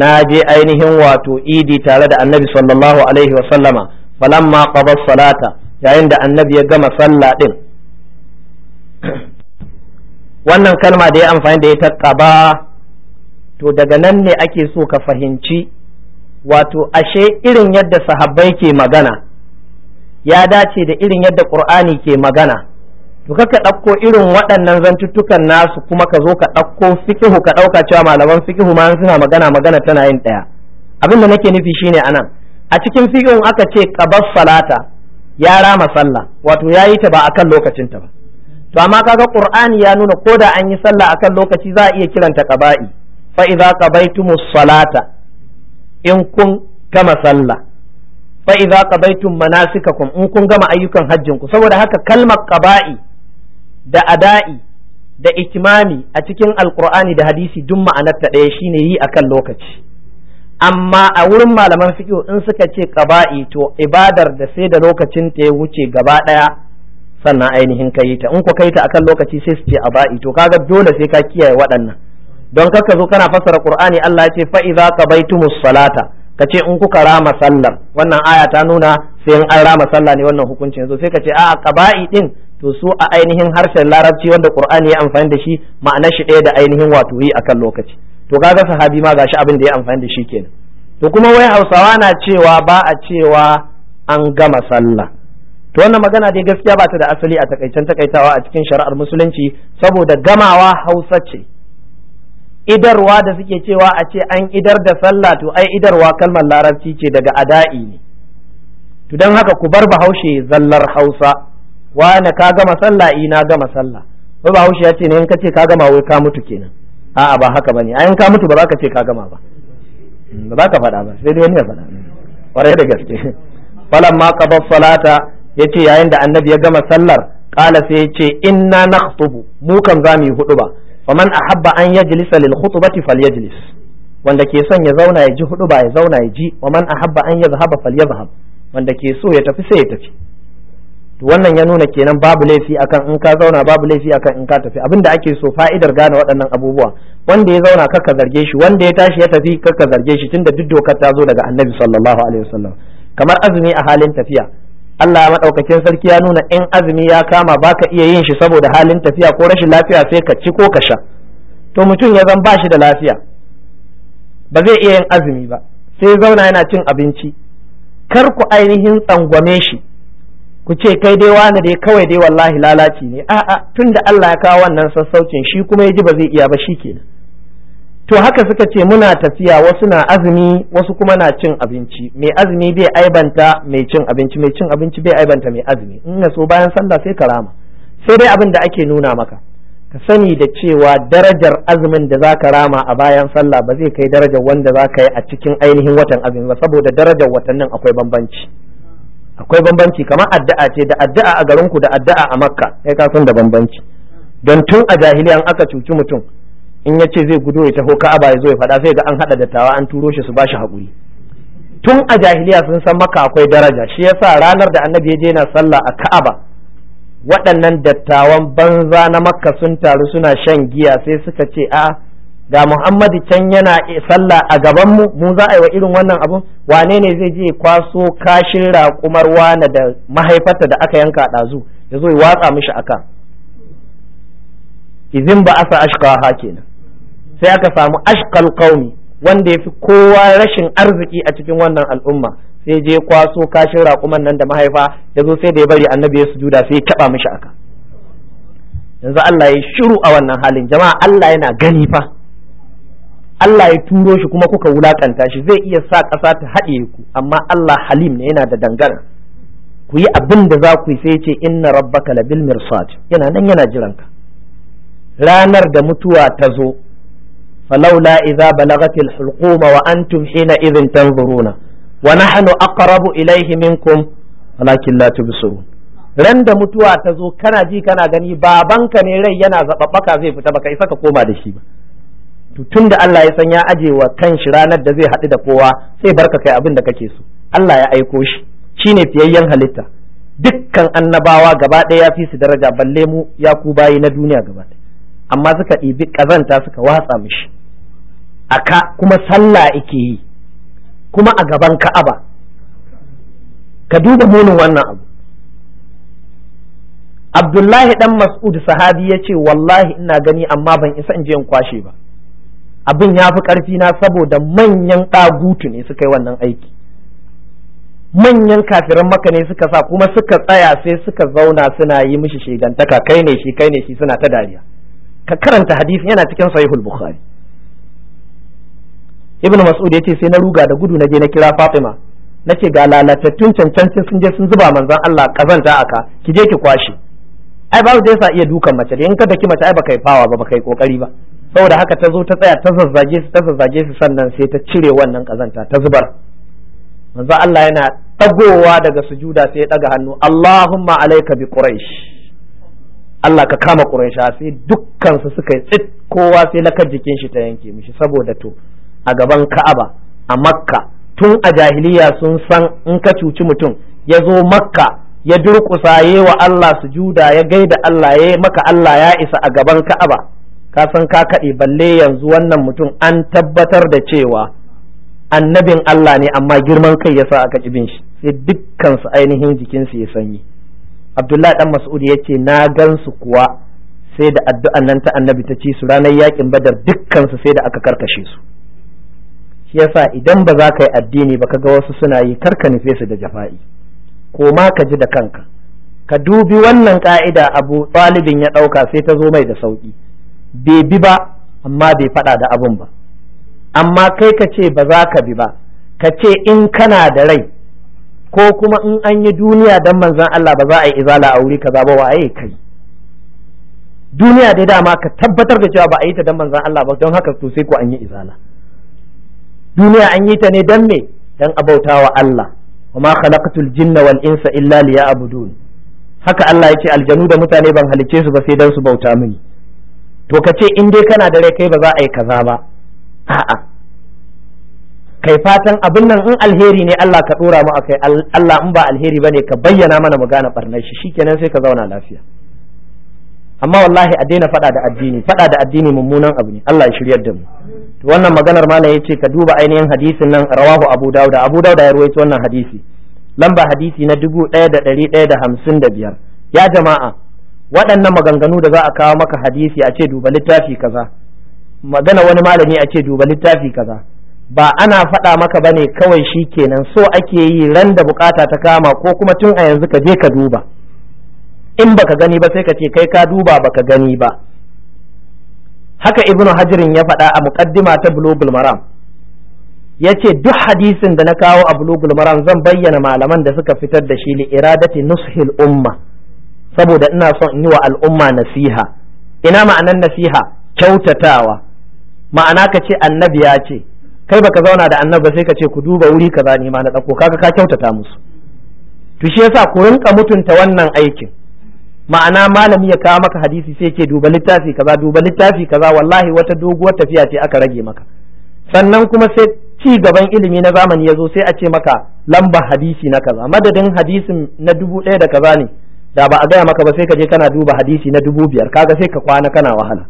na je ainihin wato idi tare da annabi sallallahu alaihi wasallama falamma qada salata yayin da annabi ya gama sallah din wannan kalma da ya amfani da ita qaba to daga nan ne ake so ka fahimci wato ashe irin yadda sahabbai ke magana ya dace da irin yadda qur'ani ke magana to ka ɗauko irin waɗannan zantuttukan nasu kuma ka zo ka ɗauko fikihu ka ɗauka cewa malaman fikihu ma suna magana magana tana yin ɗaya abin da nake nufi shine a nan a cikin fikihun aka ce qabas salata ya rama sallah wato ya yi ta ba akan lokacin ta ba to amma kaga qur'ani ya nuna ko da an yi sallah akan lokaci za a iya kiranta qaba'i fa idza qabaitumus salata in kun gama sallah fa idza qabaitum manasikakum in kun gama ayyukan hajjin ku saboda haka kalmar qaba'i da ada'i da ikimami a cikin alkur'ani da hadisi duk ma'anar ta ɗaya shine yi akan lokaci amma a wurin malaman fiqh in suka ce qaba'i to ibadar da sai da lokacin ta ya wuce gaba ɗaya sannan ainihin ka yi ta in ku kai ta akan lokaci sai su ce aba'i to kaga dole sai ka kiyaye waɗannan don kaka zo kana fassara qur'ani Allah ya ce fa idza qabaitumus salata ka ce in kuka rama sallar wannan aya ta nuna sai in an rama sallah ne wannan hukuncin yanzu sai ka ce a'a qaba'i din to su a ainihin harshen larabci wanda qur'ani ya amfani da shi ma'ana shi ɗaya da ainihin wato yi akan lokaci to kaga sahabi ma gashi abin da ya amfani da shi kenan to kuma wai hausawa na cewa ba a cewa an gama sallah to wannan magana dai gaskiya ba ta da asali a takaicen takaitawa a cikin shari'ar musulunci saboda gamawa hausa ce idarwa da suke cewa a ce an idar da sallah to ai idarwa kalmar larabci ce daga ada'i ne to don haka ku bar bahaushe zallar hausa wane ka gama sallah ina gama sallah ba ba ya ce ne in ka ce ka gama wai ka mutu kenan a'a ba haka bane ai in ka mutu ba za ka ce ka gama ba hmm, ba za ka faɗa ba sai dai wani ya faɗa ƙwarai da gaske falan ma qada salata yace yayin da annabi ya gama sallar kala sai ce inna nakhtubu mu kan za mu yi fa man ahabba an yajlisa lil khutbati falyajlis wanda ke son ya zauna ya ji ba ya zauna ya ji man ahabba an yazhaba falyazhab wanda ke so ya tafi sai ya tafi to wannan ya nuna kenan babu laifi akan in ka zauna babu laifi akan in ka tafi abinda ake so fa'idar gane waɗannan abubuwa wanda ya zauna kakka zarge shi wanda ya tashi ya tafi kakka zarge shi tunda duk dokar ta zo daga annabi sallallahu alaihi wasallam kamar azumi a halin tafiya Allah ya madaukakin sarki ya nuna in azumi ya kama baka iya yin shi saboda halin tafiya ko rashin lafiya sai ka ci ko ka sha to mutum ya zan bashi da lafiya ba zai iya yin azumi ba sai zauna yana cin abinci kar ku ainihin tsangwame shi ku ce kai dai wani dai kawai dai wallahi lalaci ne a'a da Allah ya kawo wannan sassaucin shi kuma ya ji ba zai iya ba shi shikenan to haka suka ce muna tafiya wasu na azumi wasu kuma na cin abinci mai azumi bai aibanta mai cin abinci mai cin abinci bai aibanta mai azumi in ya so bayan sallah sai ka rama sai dai abin da ake nuna maka ka sani da cewa darajar azumin da za ka rama a bayan sallah ba zai kai darajar wanda za ka yi a cikin ainihin watan azumi ba saboda darajar watannin akwai bambanci akwai bambanci kamar addu'a ce da addu'a a garin ku da addu'a a makka kai ka san da bambanci don tun a jahiliya aka cuci mutum in ya ce zai gudu ya taho ka'aba ya zo ya faɗa sai ga an haɗa dattawa an turo shi su ba shi haƙuri tun a jahiliya sun san maka akwai daraja shi yasa ranar da annabi ya je na sallah a ka'aba waɗannan dattawan banza na makka sun taru suna shan giya sai suka ce a ah, ga Muhammadu can yana sallah a gaban mu mu za a yi wa irin wannan abu? wane ne zai je kwaso kashin raƙumar wane da mahaifarta da aka yanka ɗazu ya zo ya watsa mishi aka izin ba asa ashkaha kenan sai aka samu ashkal kaumi wanda ya fi kowa rashin arziki a cikin wannan al'umma sai je kwaso kashin raƙuman nan da mahaifa ya zo sai da ya bari annabi ya sujuda sai ya taɓa mishi aka yanzu Allah ya shiru a wannan halin jama'a Allah yana gani fa Allah ya turo shi kuma kuka wulakanta shi zai iya sa ƙasa ta haɗe ku amma Allah halim ne yana da dangana ku yi abin da za ku yi sai ce inna rabbaka labil mirsad yana nan yana jiranka ranar da mutuwa ta zo falaula idza balagatil hulquma wa antum hina idhin tanzuruna wa nahnu aqrabu ilayhi minkum walakin la tubsirun ran da mutuwa ta zo kana ji kana gani babanka ne rai yana zababbaka zai fita baka isa ka koma da shi ba tun da Allah ya san ya aje wa shi ranar da zai haɗu da kowa sai barka kai abin da kake so Allah ya aiko shi Shi ne fiyayyen halitta dukkan annabawa gaba ɗaya ya fi su daraja balle mu ya ku bayi na duniya gaba amma suka ɗibi ƙazanta suka watsa mishi ka kuma sallah ike yi kuma a gaban ka'aba ka duba munin wannan abu abdullahi ɗan mas'ud sahabi ya ce wallahi ina gani amma ban isa in je in kwashe ba abin ya fi ƙarfi na saboda manyan ɗagutu ne suka yi wannan aiki manyan kafiran maka ne suka sa kuma suka tsaya sai suka zauna suna yi mishi shigantaka kai ne shi kai ne shi suna ta dariya ka karanta hadisi yana cikin sahihul bukhari ibn mas'ud ce sai na ruga da gudu na je na kira fatima nace ga lalatattun cancanci sun je sun zuba manzon Allah kazanta aka ki je ki kwashe ai babu da yasa iya dukan mace in ka daki mace ai baka yi fawa ba baka yi kokari ba saboda haka ta zo ta tsaya ta zazzage su ta zazzage su sannan sai ta cire wannan kazanta ta zubar manzo Allah yana dagowa daga sujuda sai ya daga hannu Allahumma alayka bi quraish Allah ka kama quraish sai dukkan su suka yi tsit kowa sai lakar jikin shi ta yanke mishi saboda to a gaban Ka'aba a Makka tun a jahiliya sun san in ka cuci mutum ya zo Makka ya durƙusa wa Allah sujuda ya gaida Allah ya maka Allah ya isa a gaban Ka'aba ka san ka kaɗe balle yanzu wannan mutum an tabbatar da cewa annabin Allah ne amma girman kai yasa aka ƙibin shi sai dukkansu ainihin jikinsu ya sanyi Abdullahi dan Mas'ud ya ce na gansu kuwa sai da addu'an nan ta annabi ta ci su ranar yakin badar dukkansu sai da aka karkashe su shi yasa idan ba za ka yi addini ba ka ga wasu suna yi karka nufe su da jafa'i ko ma ka ji da kanka ka dubi wannan ka'ida abu ɗalibin ya ɗauka sai ta zo mai da sauƙi bai bi ba amma bai faɗa da abun ba amma kai ka ce ba za ka bi ba ka ce in kana da rai ko kuma in an yi duniya don manzan Allah ba za a yi izala a wuri kaza ba waye kai duniya dai dama ka tabbatar da cewa ba a yi ta don manzan Allah ba don haka to sai ko an yi izala duniya an yi ta ne don me don wa Allah wa ma khalaqatul jinna wal insa illa liya'budun haka Allah ya ce aljanu da mutane ban halice su ba sai dan su bauta mini to ka ce in dai kana da rai kai ba za a yi kaza ba a'a kai fatan abin nan in alheri ne Allah ka dora mu akai Allah in ba alheri bane ka bayyana mana mu gane barnar shi shikenan sai ka zauna lafiya amma wallahi a daina fada da addini fada da addini mummunan abu ne Allah ya shiryar da mu wannan maganar malam ce ka duba ainihin hadisin nan rawahu Abu Dawud Abu Dawud ya ruwaito wannan hadisi lamba hadisi na dubu da da da hamsin biyar ya jama'a waɗannan maganganu da za a kawo maka hadisi a ce duba littafi kaza magana wani malami a ce duba littafi kaza ba ana faɗa maka bane kawai shi kenan so ake yi ran da bukata ta kama ko kuma tun a yanzu ka je ka duba in baka gani ba sai ka ce kai ka duba baka gani ba haka ibnu hajirin ya faɗa a muqaddima ta bulugul maram ya ce duk hadisin da na kawo a bulugul maram zan bayyana malaman da suka fitar da shi li iradati nushil umma saboda ina son in yi wa al'umma nasiha ina ma'anan nasiha kyautatawa ma'ana ka ce annabi ya ce kai baka zauna da annabi sai ka ce ku duba wuri kaza ni ma na dauko kaga ka kyautata musu to shi yasa ku rinka mutunta wannan aikin ma'ana malami ya kawo maka hadisi sai ke duba littafi kaza duba littafi kaza wallahi wata doguwar tafiya ce aka rage maka sannan kuma sai ci gaban ilimi na zamani ya zo sai a ce maka lambar hadisi na kaza madadin hadisin na dubu ɗaya da kaza ne da ba a gaya maka ba sai ka je kana duba hadisi na dubu biyar kaga sai ka kwana kana wahala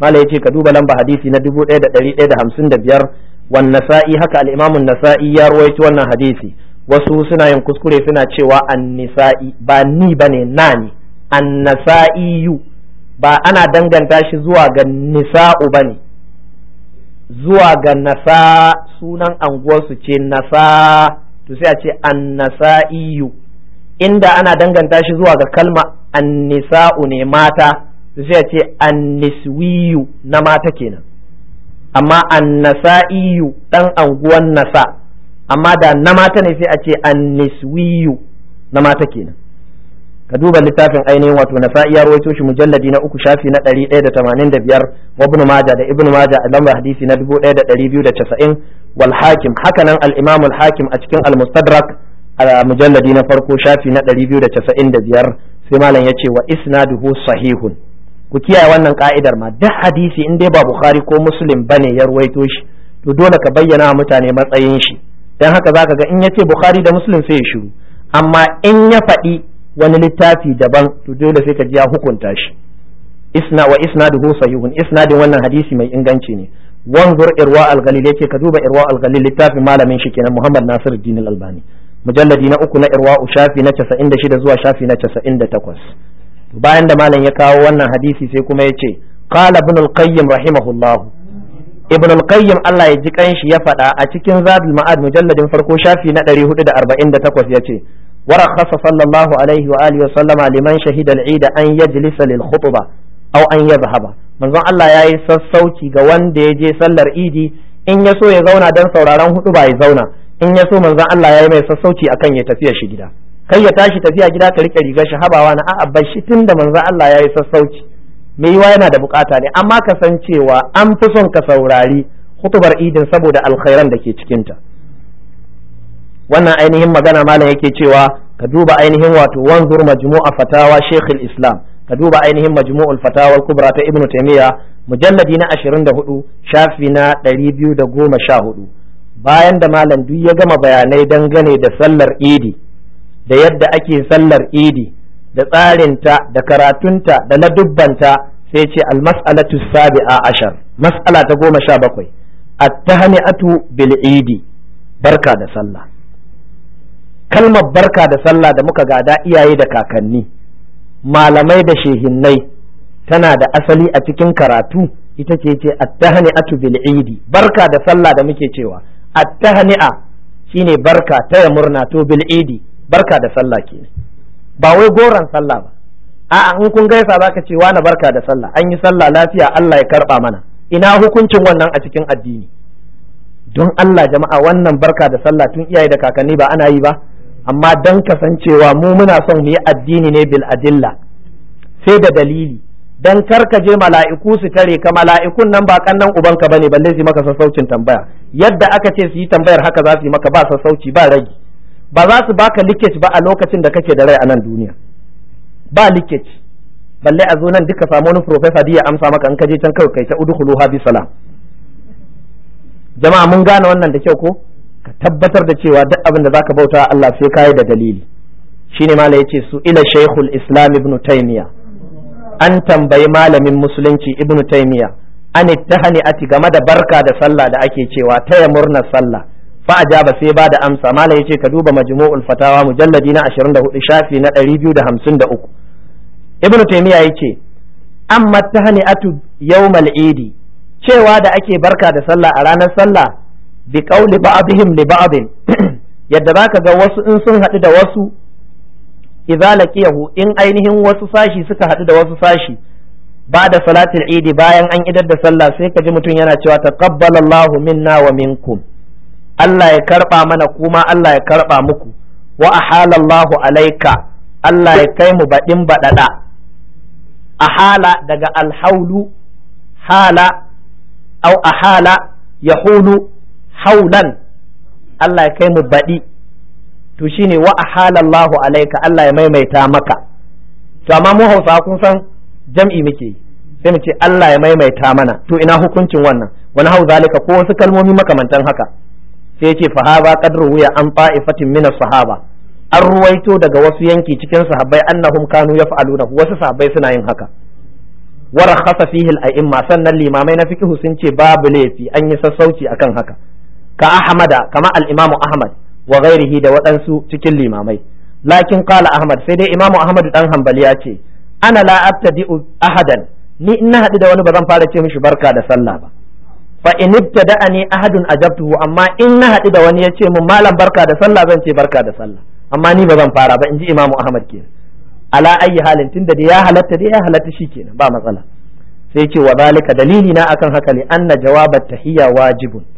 mala ya ce ka duba lamba hadisi na dubu ɗaya da ɗari ɗaya da hamsin da biyar wan nasa'i haka al'imamun nasa'i ya rawaito wannan hadisi wasu suna yin kuskure suna cewa an nisa'i ba ni ba ne na ni an nasa'iyu ba ana danganta shi zuwa ga nisa'u ba ne zuwa ga nasa sunan anguwarsu ce nasa to sai a ce an nasa'iyu inda ana danganta shi zuwa ga kalma annisa'u ne mata sai ce anniswiyu na mata kenan amma annasa'iyu dan anguwan nasa amma da na mata ne sai a ce anniswiyu na mata kenan ka duba littafin ainihin wato nasa'i ya rawaito shi mujalladi na uku shafi na 185 wa ibn maja da ibn maja a lambar hadisi na casa'in wal hakim hakanan al imamul hakim a cikin al mustadrak a mujalladi na farko shafi na 295 sai malam ya ce wa isnaduhu sahihun ku kiyaye wannan ka'idar ma duk hadisi in dai ba bukhari ko muslim bane ya ruwaito shi to dole ka bayyana mutane matsayin shi dan haka zaka ga in yace bukhari da muslim sai ya shiru amma in ya faɗi wani littafi daban to dole sai ka ji ya hukunta shi isna wa isnaduhu sahihun isnadin wannan hadisi mai inganci ne wanzur irwa al-galil yake ka duba irwa al-galil littafin malamin shi kenan Muhammad Nasir Din al-Albani mujalladi na uku na irwa'u shafi na shida zuwa shafi na takwas bayan da malam ya kawo wannan hadisi sai kuma ya ce qala ibn al-qayyim rahimahullahu ibn al-qayyim Allah ya ji kanshi ya faɗa a cikin zadul ma'ad mujalladin farko shafi na 448 yace ورخص صلى الله عليه liman وسلم لمن an العيد أن يجلس للخطبة أو أن يذهب manzon Allah ya yi sassauci ga wanda ya je sallar idi in ya so ya zauna dan sauraron hudu ba ya zauna in ya so manzon Allah ya yi mai sassauci a kan ya tafiya shi gida kai ya tashi tafiya gida ka rike rigar shi habawa na a'a bai shi tunda manzon Allah ya yi sassauci me yiwa yana da bukata ne amma ka san cewa an fi son ka saurari hutubar idin saboda alkhairan da ke cikinta wannan ainihin magana malam yake cewa ka duba ainihin wato wanzur majmu'a fatawa shekul islam ka duba ainihin majmu'ul fatawa kubra ta ibnu taymiya mujalladi na 24 shafi na 214 bayan da malam duk ya gama bayanai dangane da sallar idi da yadda ake sallar idi da tsarinta da karatunta da ladubbanta sai ce almas'alatu sabi'a ashar mas'ala ta goma sha bakwai attahni'atu bil idi barka da sallah kalmar barka da sallah da muka gada iyaye da kakanni malamai da shehinnai tana da asali a cikin karatu ita ce ce attahni'atu bil idi barka da sallah da muke cewa attahni'a shine barka taya murna to bil idi barka da sallah ke ba wai goran sallah ba a'a in kun gaisa zaka ce wani barka da sallah an yi sallah lafiya Allah ya karba mana ina hukuncin wannan a cikin addini don Allah jama'a wannan barka da sallah tun iyaye da kakanni ba ana yi ba amma don kasancewa mu muna son mu yi addini ne bil adilla sai da dalili dan kar ka je mala'iku su tare ka mala'ikun nan ba kannan ubanka bane balle su maka sassaucin tambaya yadda aka ce su yi tambayar haka za su yi maka ba sassauci ba ragi ba za su baka likeci ba a lokacin da kake da rai a nan duniya ba likeci balle a zo nan duka samu wani professor ya amsa maka in ka je can kawai kai ta hulu habi salam jama'a mun gane wannan da kyau ko ka tabbatar da cewa duk abin da zaka bauta Allah sai kai da dalili shine mala yace su ila shaykhul islam ibn taymiya an tambayi malamin musulunci ibnu taymiya an ittahani ati game da barka da sallah da ake cewa taya murnar sallah fa ajaba sai ba da amsa mala yace ka duba majmu'ul fatawa mujalladi na 24 shafi na 253 ibnu taymiya yace amma tahani atu yawmal idi cewa da ake barka da sallah a ranar sallah bi qauli ba'dihim li ba'din yadda zaka ga wasu in sun haɗu da wasu idza laqiyahu in ainihin wasu sashi suka haɗu da wasu sashi ba da salatin idi bayan an idar da sallah sai ka ji mutum yana cewa taqabbalallahu minna wa minku Allah ya karba mana kuma Allah ya karba muku wa ahalallahu alaika Allah ya kai mu baɗin baɗaɗa hala daga alhaulu hala au hala ya hulu haulan Allah ya kai mu baɗi to ne wa ahalallahu alaika Allah ya maimaita maka to mu hausa kun san jam'i muke sai mu ce Allah ya maimaita mana to ina hukuncin wannan wani hau zalika ko wasu kalmomi makamantan haka sai ya ce fahaba qadru ya an ta'ifatin min sahaba an ruwaito daga wasu yanki cikin sahabbai annahum kanu yaf'aluna wasu sahabbai suna yin haka wa rakhasa fihi al-a'imma sannan limamai na fiqh sun ce babu laifi an yi sassauci akan haka ka ahmada kama al-imamu ahmad wa ghairihi da waɗansu cikin limamai lakin qala ahmad sai dai imamu ahmad dan hanbali ya ce ana la abtadi'u ahadan ni in na haɗu da wani ba zan fara ce mishi barka da sallah ba fa in ibtada'ani ahadun ajabtuhu amma in na haɗu da wani ya ce min malam barka da sallah zan ce barka da sallah amma ni ba zan fara ba in ji imamu ahmad kenan ala ayi halin tunda da ya halatta da ya halatta shikenan ba matsala sai ce wa zalika dalili na akan haka li anna jawabat tahiyya wajibun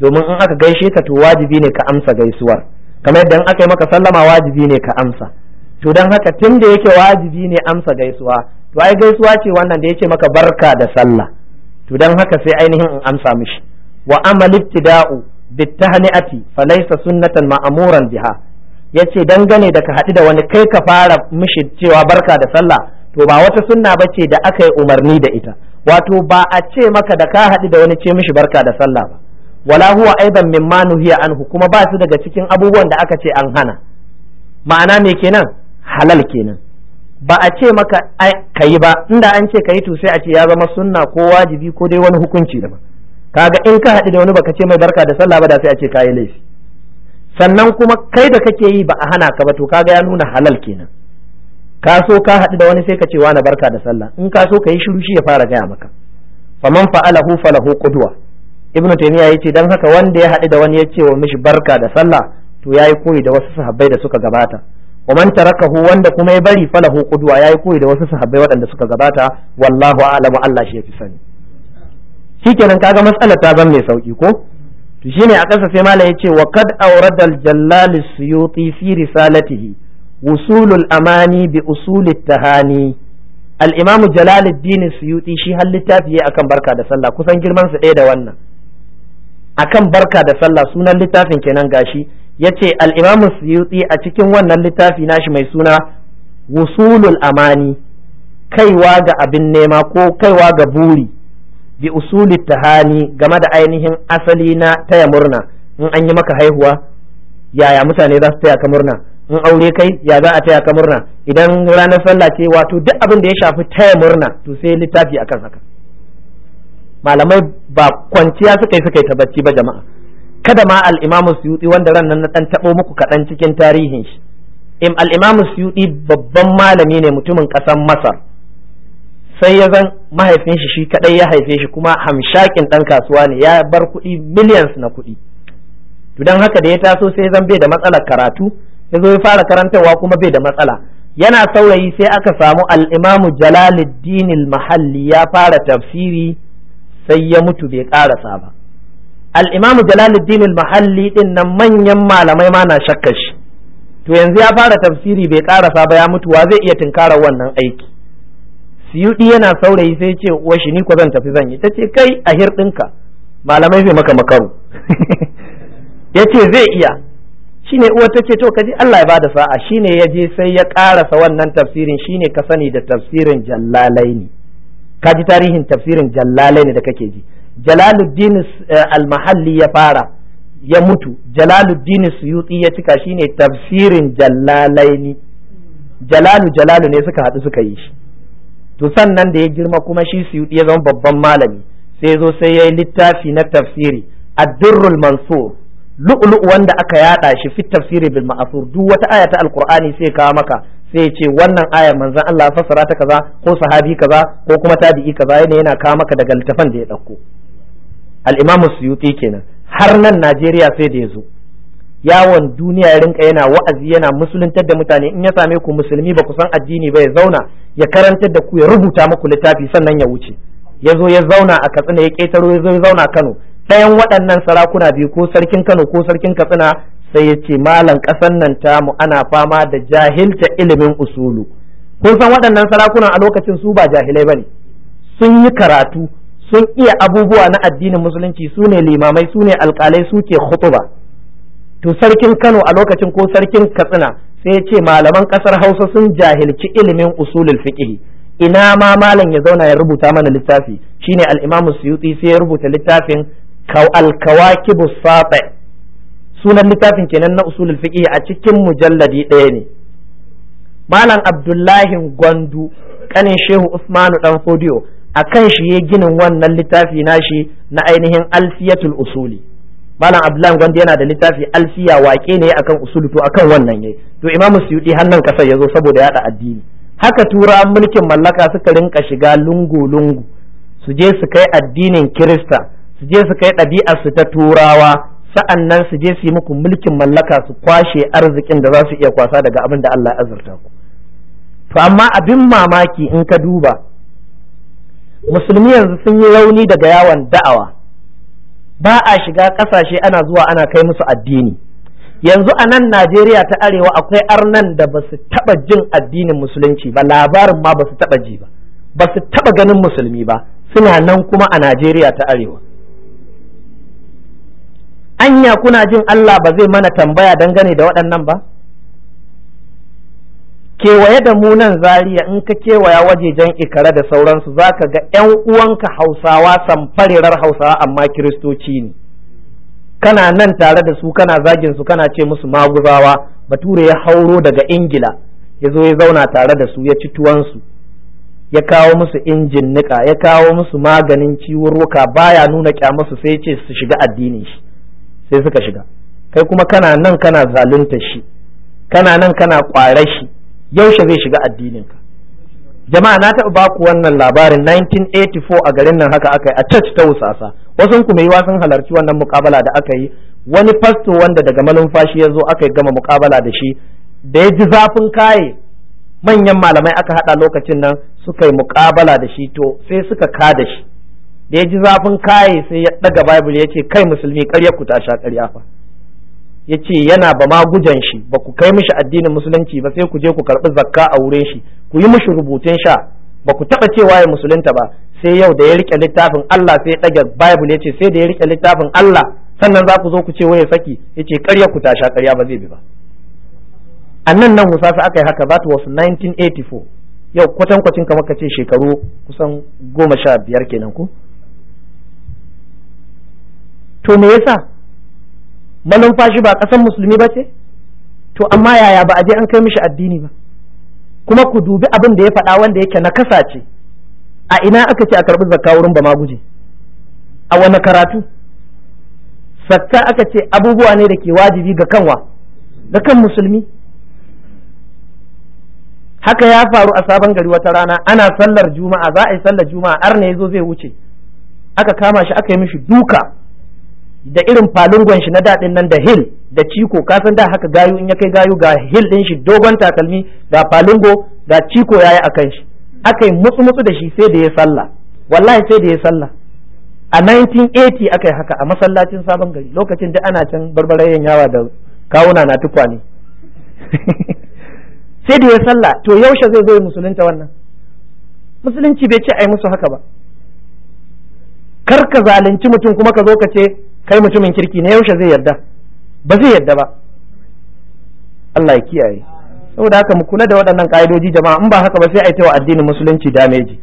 domin in aka gaishe ka to wajibi ne ka amsa gaisuwar kamar yadda in aka yi maka sallama wajibi ne ka amsa to don haka tun da yake wajibi ne amsa gaisuwa to ai gaisuwa ce wannan da yace maka barka da sallah to dan haka sai ainihin in amsa mishi wa amal ibtida'u bitahni'ati laysa sunnatan ma'muran biha yace dangane da ka haɗu da wani kai ka fara mishi cewa barka da sallah to ba wata sunna bace da aka yi umarni da ita wato ba a ce maka da ka haɗu da wani ce mishi barka da sallah ba wala huwa aidan mimma nuhiya anhu kuma ba su daga cikin abubuwan da aka ce an hana ma'ana me kenan halal kenan ba a ce maka ka yi ba inda an ce ka yi to sai a ce ya zama sunna ko wajibi ko dai wani hukunci da ba kaga in ka haɗu da wani baka ce mai barka da sallah ba da sai a ce ka yi laifi sannan kuma kai da kake yi ba a hana ka ba to kaga ya nuna halal kenan ka so ka haɗu da wani sai ka ce wani barka da sallah in ka so ka yi shiru shi ya fara gaya maka fa faman fa'alahu falahu qudwa ibnu taymiya yace dan haka wanda ya haɗu da wani ya ce wa mishi barka da sallah to yayi koyi da wasu sahabbai da suka gabata wa man wanda kuma ya bari falahu qudwa yayi koyi da wasu sahabbai waɗanda suka gabata wallahu a'lamu Allah shi fi sani Shi shikenan kaga matsalar ta mai sauki ko to shine a ƙasa sai malam ya ce kad awrada al-jallal as-suyuti fi risalatihi wusulul amani bi usulit tahani al-imam jalaluddin as-suyuti shi har littafi akan barka da sallah kusan girman su ɗaya da wannan akan barka da sallah sunan littafin kenan gashi yace al-Imam Suyuti a cikin wannan littafi nashi mai suna Wusulul Amani kaiwa ga abin nema ko kaiwa ga buri bi usulit tahani game da ainihin asali na taya murna in an yi maka haihuwa yaya mutane za su taya ka murna in aure kai ya za a taya ka murna idan ranar sallah ce wato duk abin da ya shafi taya murna to sai littafi akan haka malamai ba kwanciya suka yi suka yi ta bacci ba jama'a kada ma al-Imam Suyuti wanda ran nan na dan tabo muku kaɗan cikin tarihin shi im al Suyuti babban malami ne mutumin kasan Masar sai ya zan mahaifin shi shi kadai ya haife shi kuma hamshakin ɗan kasuwa ne ya bar kuɗi millions na kuɗi to dan haka da ya taso sai zan bai da matsalar karatu ya zo ya fara karantarwa kuma bai da matsala yana saurayi sai aka samu al'imamu jalaluddin mahalli ya fara tafsiri sai ya mutu bai ƙarasa ba al-imamu jalaluddin al-mahalli din nan manyan malamai ma na shakka shi to yanzu ya fara tafsiri bai karasa ba ya mutuwa zai iya tunkara wannan aiki Siyuɗi yana saurayi sai ce washi ni ko zan tafi zan yi ce kai a hirɗinka malamai bai maka makaru Ya ce zai iya Shi uwa uwar ce to kaji Allah ya bada sa'a Shi ne ya je sai ya karasa wannan tafsirin shi ne ka sani da tafsirin ne kaji tarihin tafsirin ne da kake ji jalaluddin eh, al-mahalli ya fara ya mutu jalaluddin suyuti ya cika shine tafsirin jallalaini jalalu jalalu ne suka haɗu suka yi shi to sannan da ya girma kuma shi suyuti ya zama babban malami sai zo sai ya yi littafi na tafsiri addurrul durrul mansur lu'u wanda aka yada shi fi tafsiri bil duk wata aya ta alqur'ani sai kawo maka sai ya ce wannan ayar manzon Allah fassara ta kaza ko sahabi kaza ko kuma tabi'i kaza yana yana kawo maka daga littafan da ya dauko alimamu suyuti kenan har nan Najeriya sai da ya zo yawon duniya ya rinka yana wa'azi yana musuluntar da mutane in ya same ku musulmi ba ku san addini ba ya zauna ya karantar da ku ya rubuta muku littafi sannan ya wuce ya zo ya zauna a katsina ya ƙetaro ya zo ya zauna kano ɗayan waɗannan sarakuna biyu ko sarkin kano ko sarkin katsina sai ya ce malam ƙasan nan tamu ana fama da jahilta ilimin usulu kun san waɗannan sarakuna a lokacin su ba jahilai ba ne sun yi karatu sun iya abubuwa na addinin musulunci su ne limamai su ne alƙalai su ke khutuba to sarkin Kano a lokacin ko sarkin Katsina sai ya ce malaman ƙasar Hausa sun jahilci ilimin usulul fiqh ina ma malam ya zauna ya rubuta mana littafi shine al-Imam Suyuti sai ya rubuta littafin al-Kawakibu Sabi sunan littafin kenan na usulul fiqh a cikin mujalladi ɗaya ne malam Abdullahi Gwandu kanin Shehu Usmanu dan Fodiyo a kan shi ya ginin wannan littafi na shi na ainihin alfiyatul usuli malam abdullahi gwanda yana da littafi alfiya waƙe ne akan usuli to akan wannan yayi to imam suyuti hannan kasar ya zo saboda yaɗa addini haka turawan mulkin mallaka suka rinka shiga lungu lungu su je su kai addinin kirista su je su kai ɗabi'ar su ta turawa sa'an nan su je su yi muku mulkin mallaka su kwashe arzikin da za su iya kwasa daga abin da Allah azurta ku to amma abin mamaki in ka duba musulmi yanzu sun yi rauni daga yawon da'awa ba a shiga ƙasashe ana zuwa ana kai musu addini yanzu a nan najeriya ta arewa akwai arnan da ba su taɓa jin addinin musulunci ba labarin ma ba su taɓa ji ba ba su taɓa ganin musulmi ba suna nan kuma a najeriya ta arewa anya kuna jin allah ba zai mana tambaya dangane da waɗannan ba kewaye da mu nan zaria in ka kewaya wajejen ikara da sauransu za ka ga 'yan uwanka hausawa samfarirar hausawa amma kiristoci ne kana nan tare da su kana zagin su kana ce musu maguzawa bature ya hauro daga ingila ya zo ya zauna tare da su ya ci tuwansu ya kawo musu injin nika ya kawo musu maganin ciwurruka baya nuna musu sai ce su shiga addinin shi sai suka shiga kai kuma kana nan kana zalunta shi kana nan kana ƙwarar shi yaushe zai shiga addininka jama'a na taɓa baku wannan labarin 1984 a garin nan haka aka yi a church ta wusasa wasu ku yi wasan halarci wannan mukabala da aka yi wani fasto wanda daga malumfashi ya zo aka gama mukabala da shi da ya ji zafin kaye manyan malamai aka haɗa lokacin nan suka yi mukabala da shi to sai suka ka da shi da ya ji zafin kaye sai ya ɗaga bible ya ce kai musulmi ƙarya ku ta sha ƙarya fa ya ce yana ba ma gujan shi ba ku kai mishi addinin musulunci ba sai ku je ku karɓi zakka a wurin shi ku yi mishi rubutun sha ba ku taɓa cewa ya musulunta ba sai yau da ya rike littafin Allah sai ya ɗaga bible ce sai da ya rike littafin Allah sannan za ku zo ku ce waye saki yace karya ku tasha karya ba zai bi ba a nan nan sa aka yi haka that was 1984 yau kwatankwacin kamar ka ce shekaru kusan goma sha biyar kenan ku. to me yasa fashi ba ƙasar musulmi ba ce to amma yaya ba a je an kai mishi addini ba kuma ku dubi abin da ya faɗa wanda yake na kasa ce a ina aka ce a karɓi zakka wurin ba ma guje a wani karatu Sakka aka ce abubuwa ne da ke wajibi ga kanwa ga kan musulmi haka ya faru a sabon gari wata rana ana sallar juma'a za a yi sallar juma'a ar ne yazo zai wuce aka kama shi aka yi mishi duka da irin falungon shi na daɗin nan da hill da ciko kasan da haka gayu in ya kai gayu ga hill ɗin shi dogon takalmi ga falungo ga ciko yayi kan shi aka yi mutsu mutsu da shi sai da ya sallah wallahi sai da ya sallah a 1980 aka yi haka a masallacin sabon gari lokacin da ana can barbarayen yawa da kawuna na tukwane sai da ya sallah to yaushe zai zo musulunta wannan musulunci bai ce ai musu haka ba kar ka zalunci mutum kuma ka zo ka ce kai mutumin kirki na yaushe zai yarda ba zai yarda ba Allah ya kiyaye saboda haka mu kula da waɗannan ƙa'idoji jama'a in ba haka ba sai a yi wa addinin musulunci dameji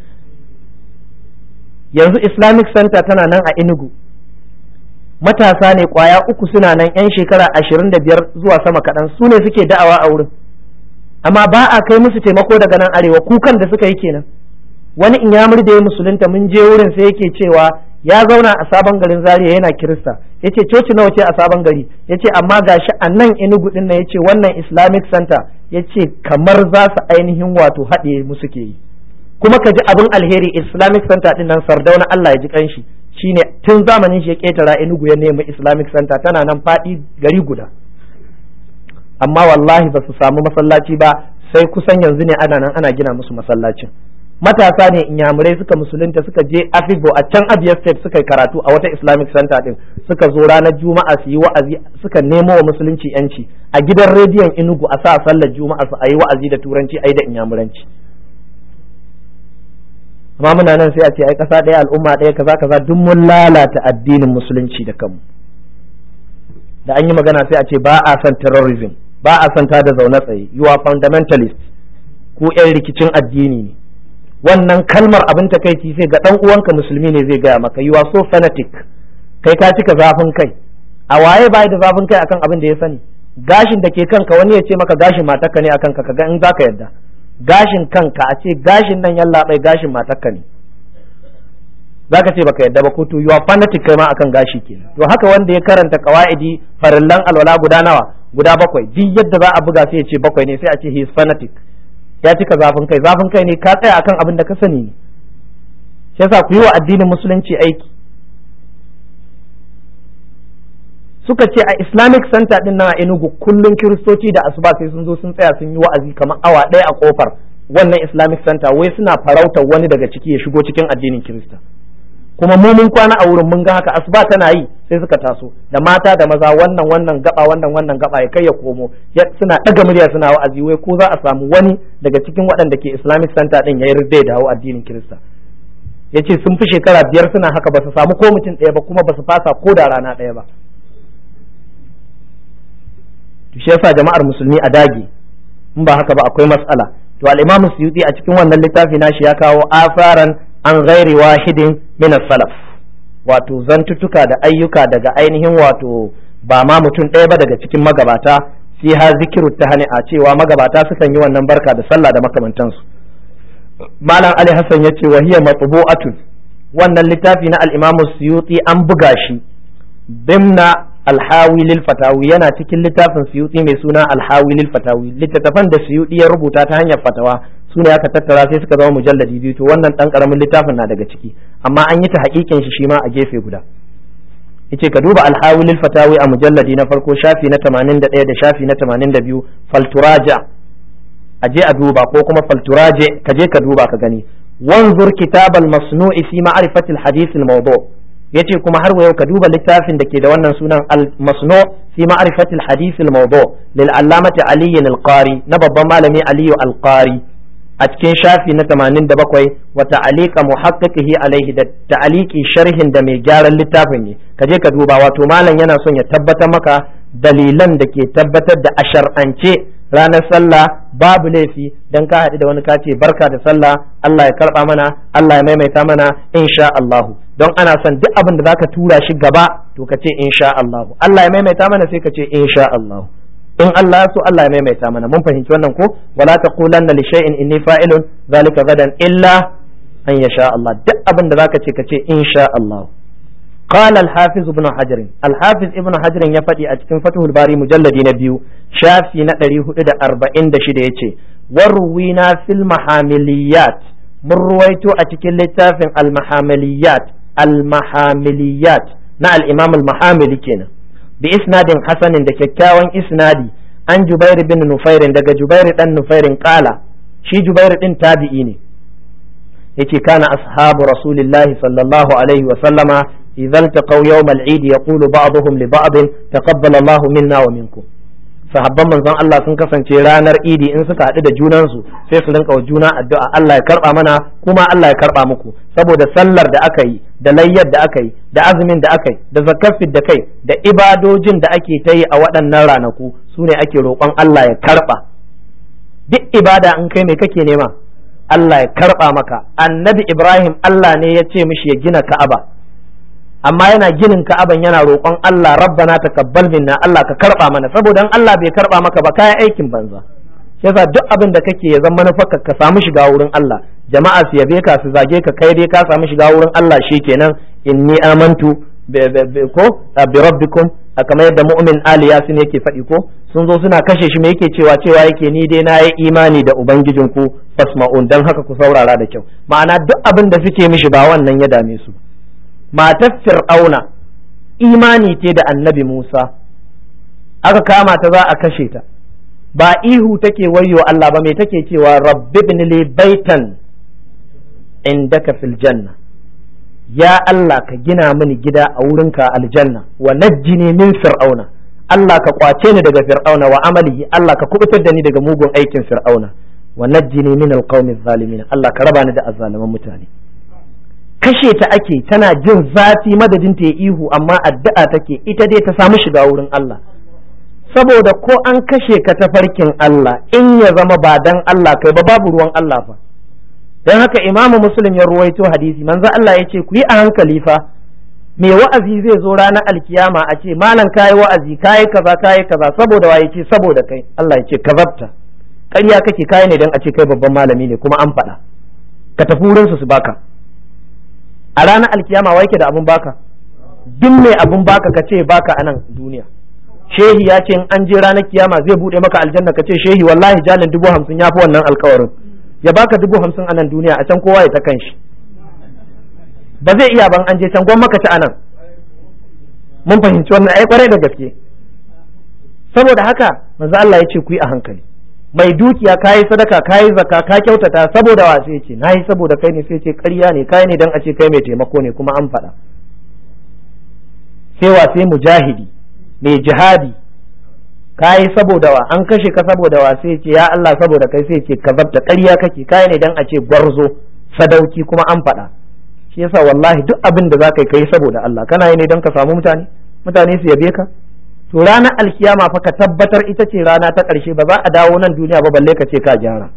yanzu islamic center tana nan a inugu matasa ne kwaya uku suna nan yan shekara ashirin da biyar zuwa sama kaɗan su ne suke da'awa a wurin amma ba a kai musu taimako daga nan arewa kukan da suka yi kenan wani in ya murda ya musulunta mun je wurin sai yake cewa ya zauna a sabon garin zaria yana kirista ya ce coci nawa ce a sabon gari Ya ce amma ga shi a nan enugu din nan ce wannan islamic center ya ce kamar za su ainihin wato haɗe musu ke yi kuma ka ji abin alheri islamic center din nan sardauna allah ya ji kanshi shine tun zamanin shi ya ketara enugu ya nemi islamic center tana nan faɗi gari guda amma wallahi ba su samu masallaci ba sai kusan yanzu ne ana nan ana gina musu masallacin matasa ne inyamurai suka musulunta suka je afibo a can abia state suka karatu a wata islamic center din suka zo ranar juma'a su yi wa'azi suka nemo wa musulunci yanci a gidan rediyon inugu a sa sallar juma'a su a yi wa'azi da turanci a yi da inyamuranci amma muna nan sai a ce ai kasa ɗaya al'umma ɗaya kaza kaza duk mun lalata addinin musulunci da kanmu da an yi magana sai a ce ba a son terrorism ba a son ta da zaune tsaye you are fundamentalist ku yan rikicin addini ne wannan kalmar abin ta takaici sai ga dan uwanka musulmi ne zai gaya maka you are so fanatic kai ka cika zafin kai a waye bai da zafin kai akan abin da ya sani gashin da ke kanka wani ya ce maka gashin matarka ne akan ka kaga in zaka yadda gashin kanka a ce gashin nan yalla bai gashin matarka ne zaka ce baka yadda ba ko to you are fanatic kai ma akan gashi ke to haka wanda ya karanta qawaidi farillan alwala guda nawa guda bakwai duk yadda za a buga sai ya ce bakwai ne sai a ce he is fanatic ya cika zafin kai zafin kai ne ka tsaya akan abin da ka sani ne shi yasa ku yi wa addinin musulunci aiki suka ce a islamic center din nan a enugu kullum kiristoci da asuba sai sun zo sun tsaya sun yi wa'azi kamar awa ɗaya a kofar wannan islamic center wai suna farautar wani daga ciki ya shigo cikin addinin kirista kuma mu mun kwana a wurin mun ga haka asuba tana yi sai suka taso da mata da maza wannan wannan gaba wannan wannan gaba ya kai ya komo suna daga murya suna wa'azi wai ko za a samu wani daga cikin waɗanda ke Islamic Center din ya da dawo addinin Kirista yace sun fi shekara biyar suna haka ba su samu ko mutum ɗaya ba kuma ba su fasa ko da rana ɗaya ba to shi yasa jama'ar musulmi a dage in ba haka ba akwai matsala to al-Imam Suyuti a cikin wannan littafi nashi ya kawo asaran an ghairi wahidin min salaf wato zantutuka da ayyuka daga ainihin wato ba ma mutum ɗaya ba daga cikin magabata fi ha zikiru ta hani a cewa magabata sukan yi wannan barka da sallah da makamantansu malam ali hassan ya ce wahiya matsubu'atu wannan littafi na al'imamu suyuti an buga shi bimna alhawi lil fatawi yana cikin littafin suyuti mai suna alhawi lil fatawi littattafan da suyuti ya rubuta ta hanyar fatawa su ne aka tattara sai suka zama mujalladi biyu to wannan dan karamin littafin na daga ciki amma an yi ta hakikin shi shima a gefe guda yace ka duba alhawilil fatawi a mujalladi na farko shafi na 81 da shafi na 82 falturaja aje a duba ko kuma falturaje ka je ka duba ka gani wanzur kitabal masnu'i fi ma'rifati alhadith almawdu yace kuma har yau ka duba littafin da ke da wannan sunan al-masnu fi ma'rifati alhadith almawdu lil allamati ali al na babban malami aliyu al a cikin shafi na tamanin da 87 wata alika muhaqqiqihi alaihi da ta'aliki sharhin da mai gyaran littafin ne ka je ka duba wato malam yana son ya tabbatar maka dalilan da ke tabbatar da ashar'ance ranar sallah babu laifi don ka haɗu da wani kace barka da sallah Allah ya karba mana Allah ya maimaita mana insha Allahu don ana son duk abin da zaka tura shi gaba to ka ce insha Allahu Allah ya maimaita mana sai ka ce insha Allahu in Allah ya so Allah ya maita mana mun fahimci wannan ko wala taqulanna li shay'in inni fa'ilun zalika gadan illa an yasha Allah duk abin da zaka ce ka ce insha Allah قال الحافظ ابن حجر ya faɗi a cikin fathul bari mujalladi na biyu shafi na hudu da da arba'in 446 yace warwina fil mahamiliyat mun ruwaito a cikin littafin al mahamiliyat na al imam al mahamili kenan bi isnadin hasanin da kyakkyawan isnadi an jubair bin nufairin daga jubairu dan nufairin kala shi jubairu din tabi'i ne yace kana ashabu rasulillahi sallallahu alaihi wa sallama idza taqaw yawm al-eid yaqulu ba'dhum li ba'd taqabbala Allah minna wa minkum sahabban manzon Allah sun kasance ranar idi in suka haɗu da junansu sai su rinka wa juna addu'a Allah ya karba mana kuma Allah ya karba muku saboda sallar da aka yi da layyar da aka yi da azumin da aka yi da zakafin da kai da ibadojin da ake ta yi a waɗannan ranaku su ne ake roƙon Allah ya karɓa duk ibada in kai mai kake nema Allah ya karɓa maka annabi Ibrahim Allah ne ya ce mishi ya gina Ka'aba amma yana ginin Ka'aban yana roƙon Allah rabbana taqabbal minna Allah ka karɓa mana saboda in Allah bai karɓa maka ba kayan aikin banza shi yasa duk abin da kake ya zama manufarka ka samu shiga wurin Allah jama'a su yabe ka su zage ka kai dai ka samu shiga wurin Allah kenan. inni amantu ko bi rabbikum kamar yadda mu'min ali yasin yake faɗi ko sun zo suna kashe shi me yake cewa cewa yake ni dai na yi imani da ubangijin ku fasma'un dan haka ku saurara da kyau ma'ana duk abin da suke mishi ba wannan ya dame su matar fir'auna imani ce da annabi musa aka kama ta za a kashe ta ba ihu take wayo Allah ba me take cewa rabbi li baitan indaka fil janna ya Allah ka gina mini gida a wurinka aljanna wa najjini min fir'auna Allah ka kwace ni daga fir'auna wa amali. Allah ka kubutar da ni daga mugun aikin fir'auna wa najjini min alqawmi zalimin Allah ka raba ni da azzaliman mutane kashe ta ake tana jin zafi madadin ta ihu amma addu'a take ita dai ta samu shiga wurin Allah saboda ko an kashe ka ta farkin Allah in ya zama ba dan Allah kai ba babu ruwan Allah fa dan haka imamu muslim ya ruwaito hadisi manzo Allah ya ce ku yi a hankali fa me wa'azi zai zo ranar alkiyama a ce malam kayi wa'azi kayi kaza kayi kaza saboda waye ce saboda kai Allah ya ce kazabta ƙarya kake kayi ne dan a ce kai babban malami ne kuma an faɗa ka tafi wurin su baka a ranar alkiyama wai ke da abun baka duk mai abun baka ka ce baka a nan duniya shehi ya ce in an je ranar kiyama zai buɗe maka aljanna ka ce shehi wallahi jalin dubu hamsin ya fi wannan alkawarin ya baka dubu hamsin a nan duniya a can kowa ya ta kan shi ba zai iya ban an je can gwan maka a anan mun fahimci wannan ai kwarai da gaske saboda haka manzo Allah ya ce ku yi a hankali mai dukiya kayi sadaka kayi zakka ka kyautata saboda wa sai ce nayi saboda kai ne sai ce ƙarya ne kai ne dan a ce kai mai taimako ne kuma an faɗa sai wa sai mujahidi mai jihadi ka yi saboda wa an kashe ka saboda wa sai ce ya Allah saboda kai sai ce ka kazabta ƙarya kake kai ne dan a ce gwarzo sadauki kuma an faɗa shi yasa wallahi duk abin da zaka kai saboda Allah kana yi ne dan ka samu mutane mutane su yabe ka to ranar alkiyama fa ka tabbatar ita ce rana ta ƙarshe ba za a dawo nan duniya ba balle ka ce ka gyara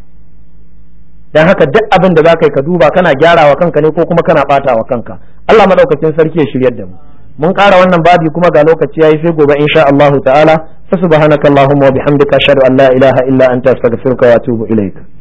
dan haka duk abin da zaka yi ka duba kana gyarawa kanka ne ko kuma kana wa kanka Allah madaukakin sarki ya shiryar da mu mun ƙara wannan babi kuma ga lokaci ya yi sai gobe insha Allah ta'ala subhanakallahumma wa bihamdika ashhadu an la ilaha illa an anta astaghfiruka wa atubu ilaik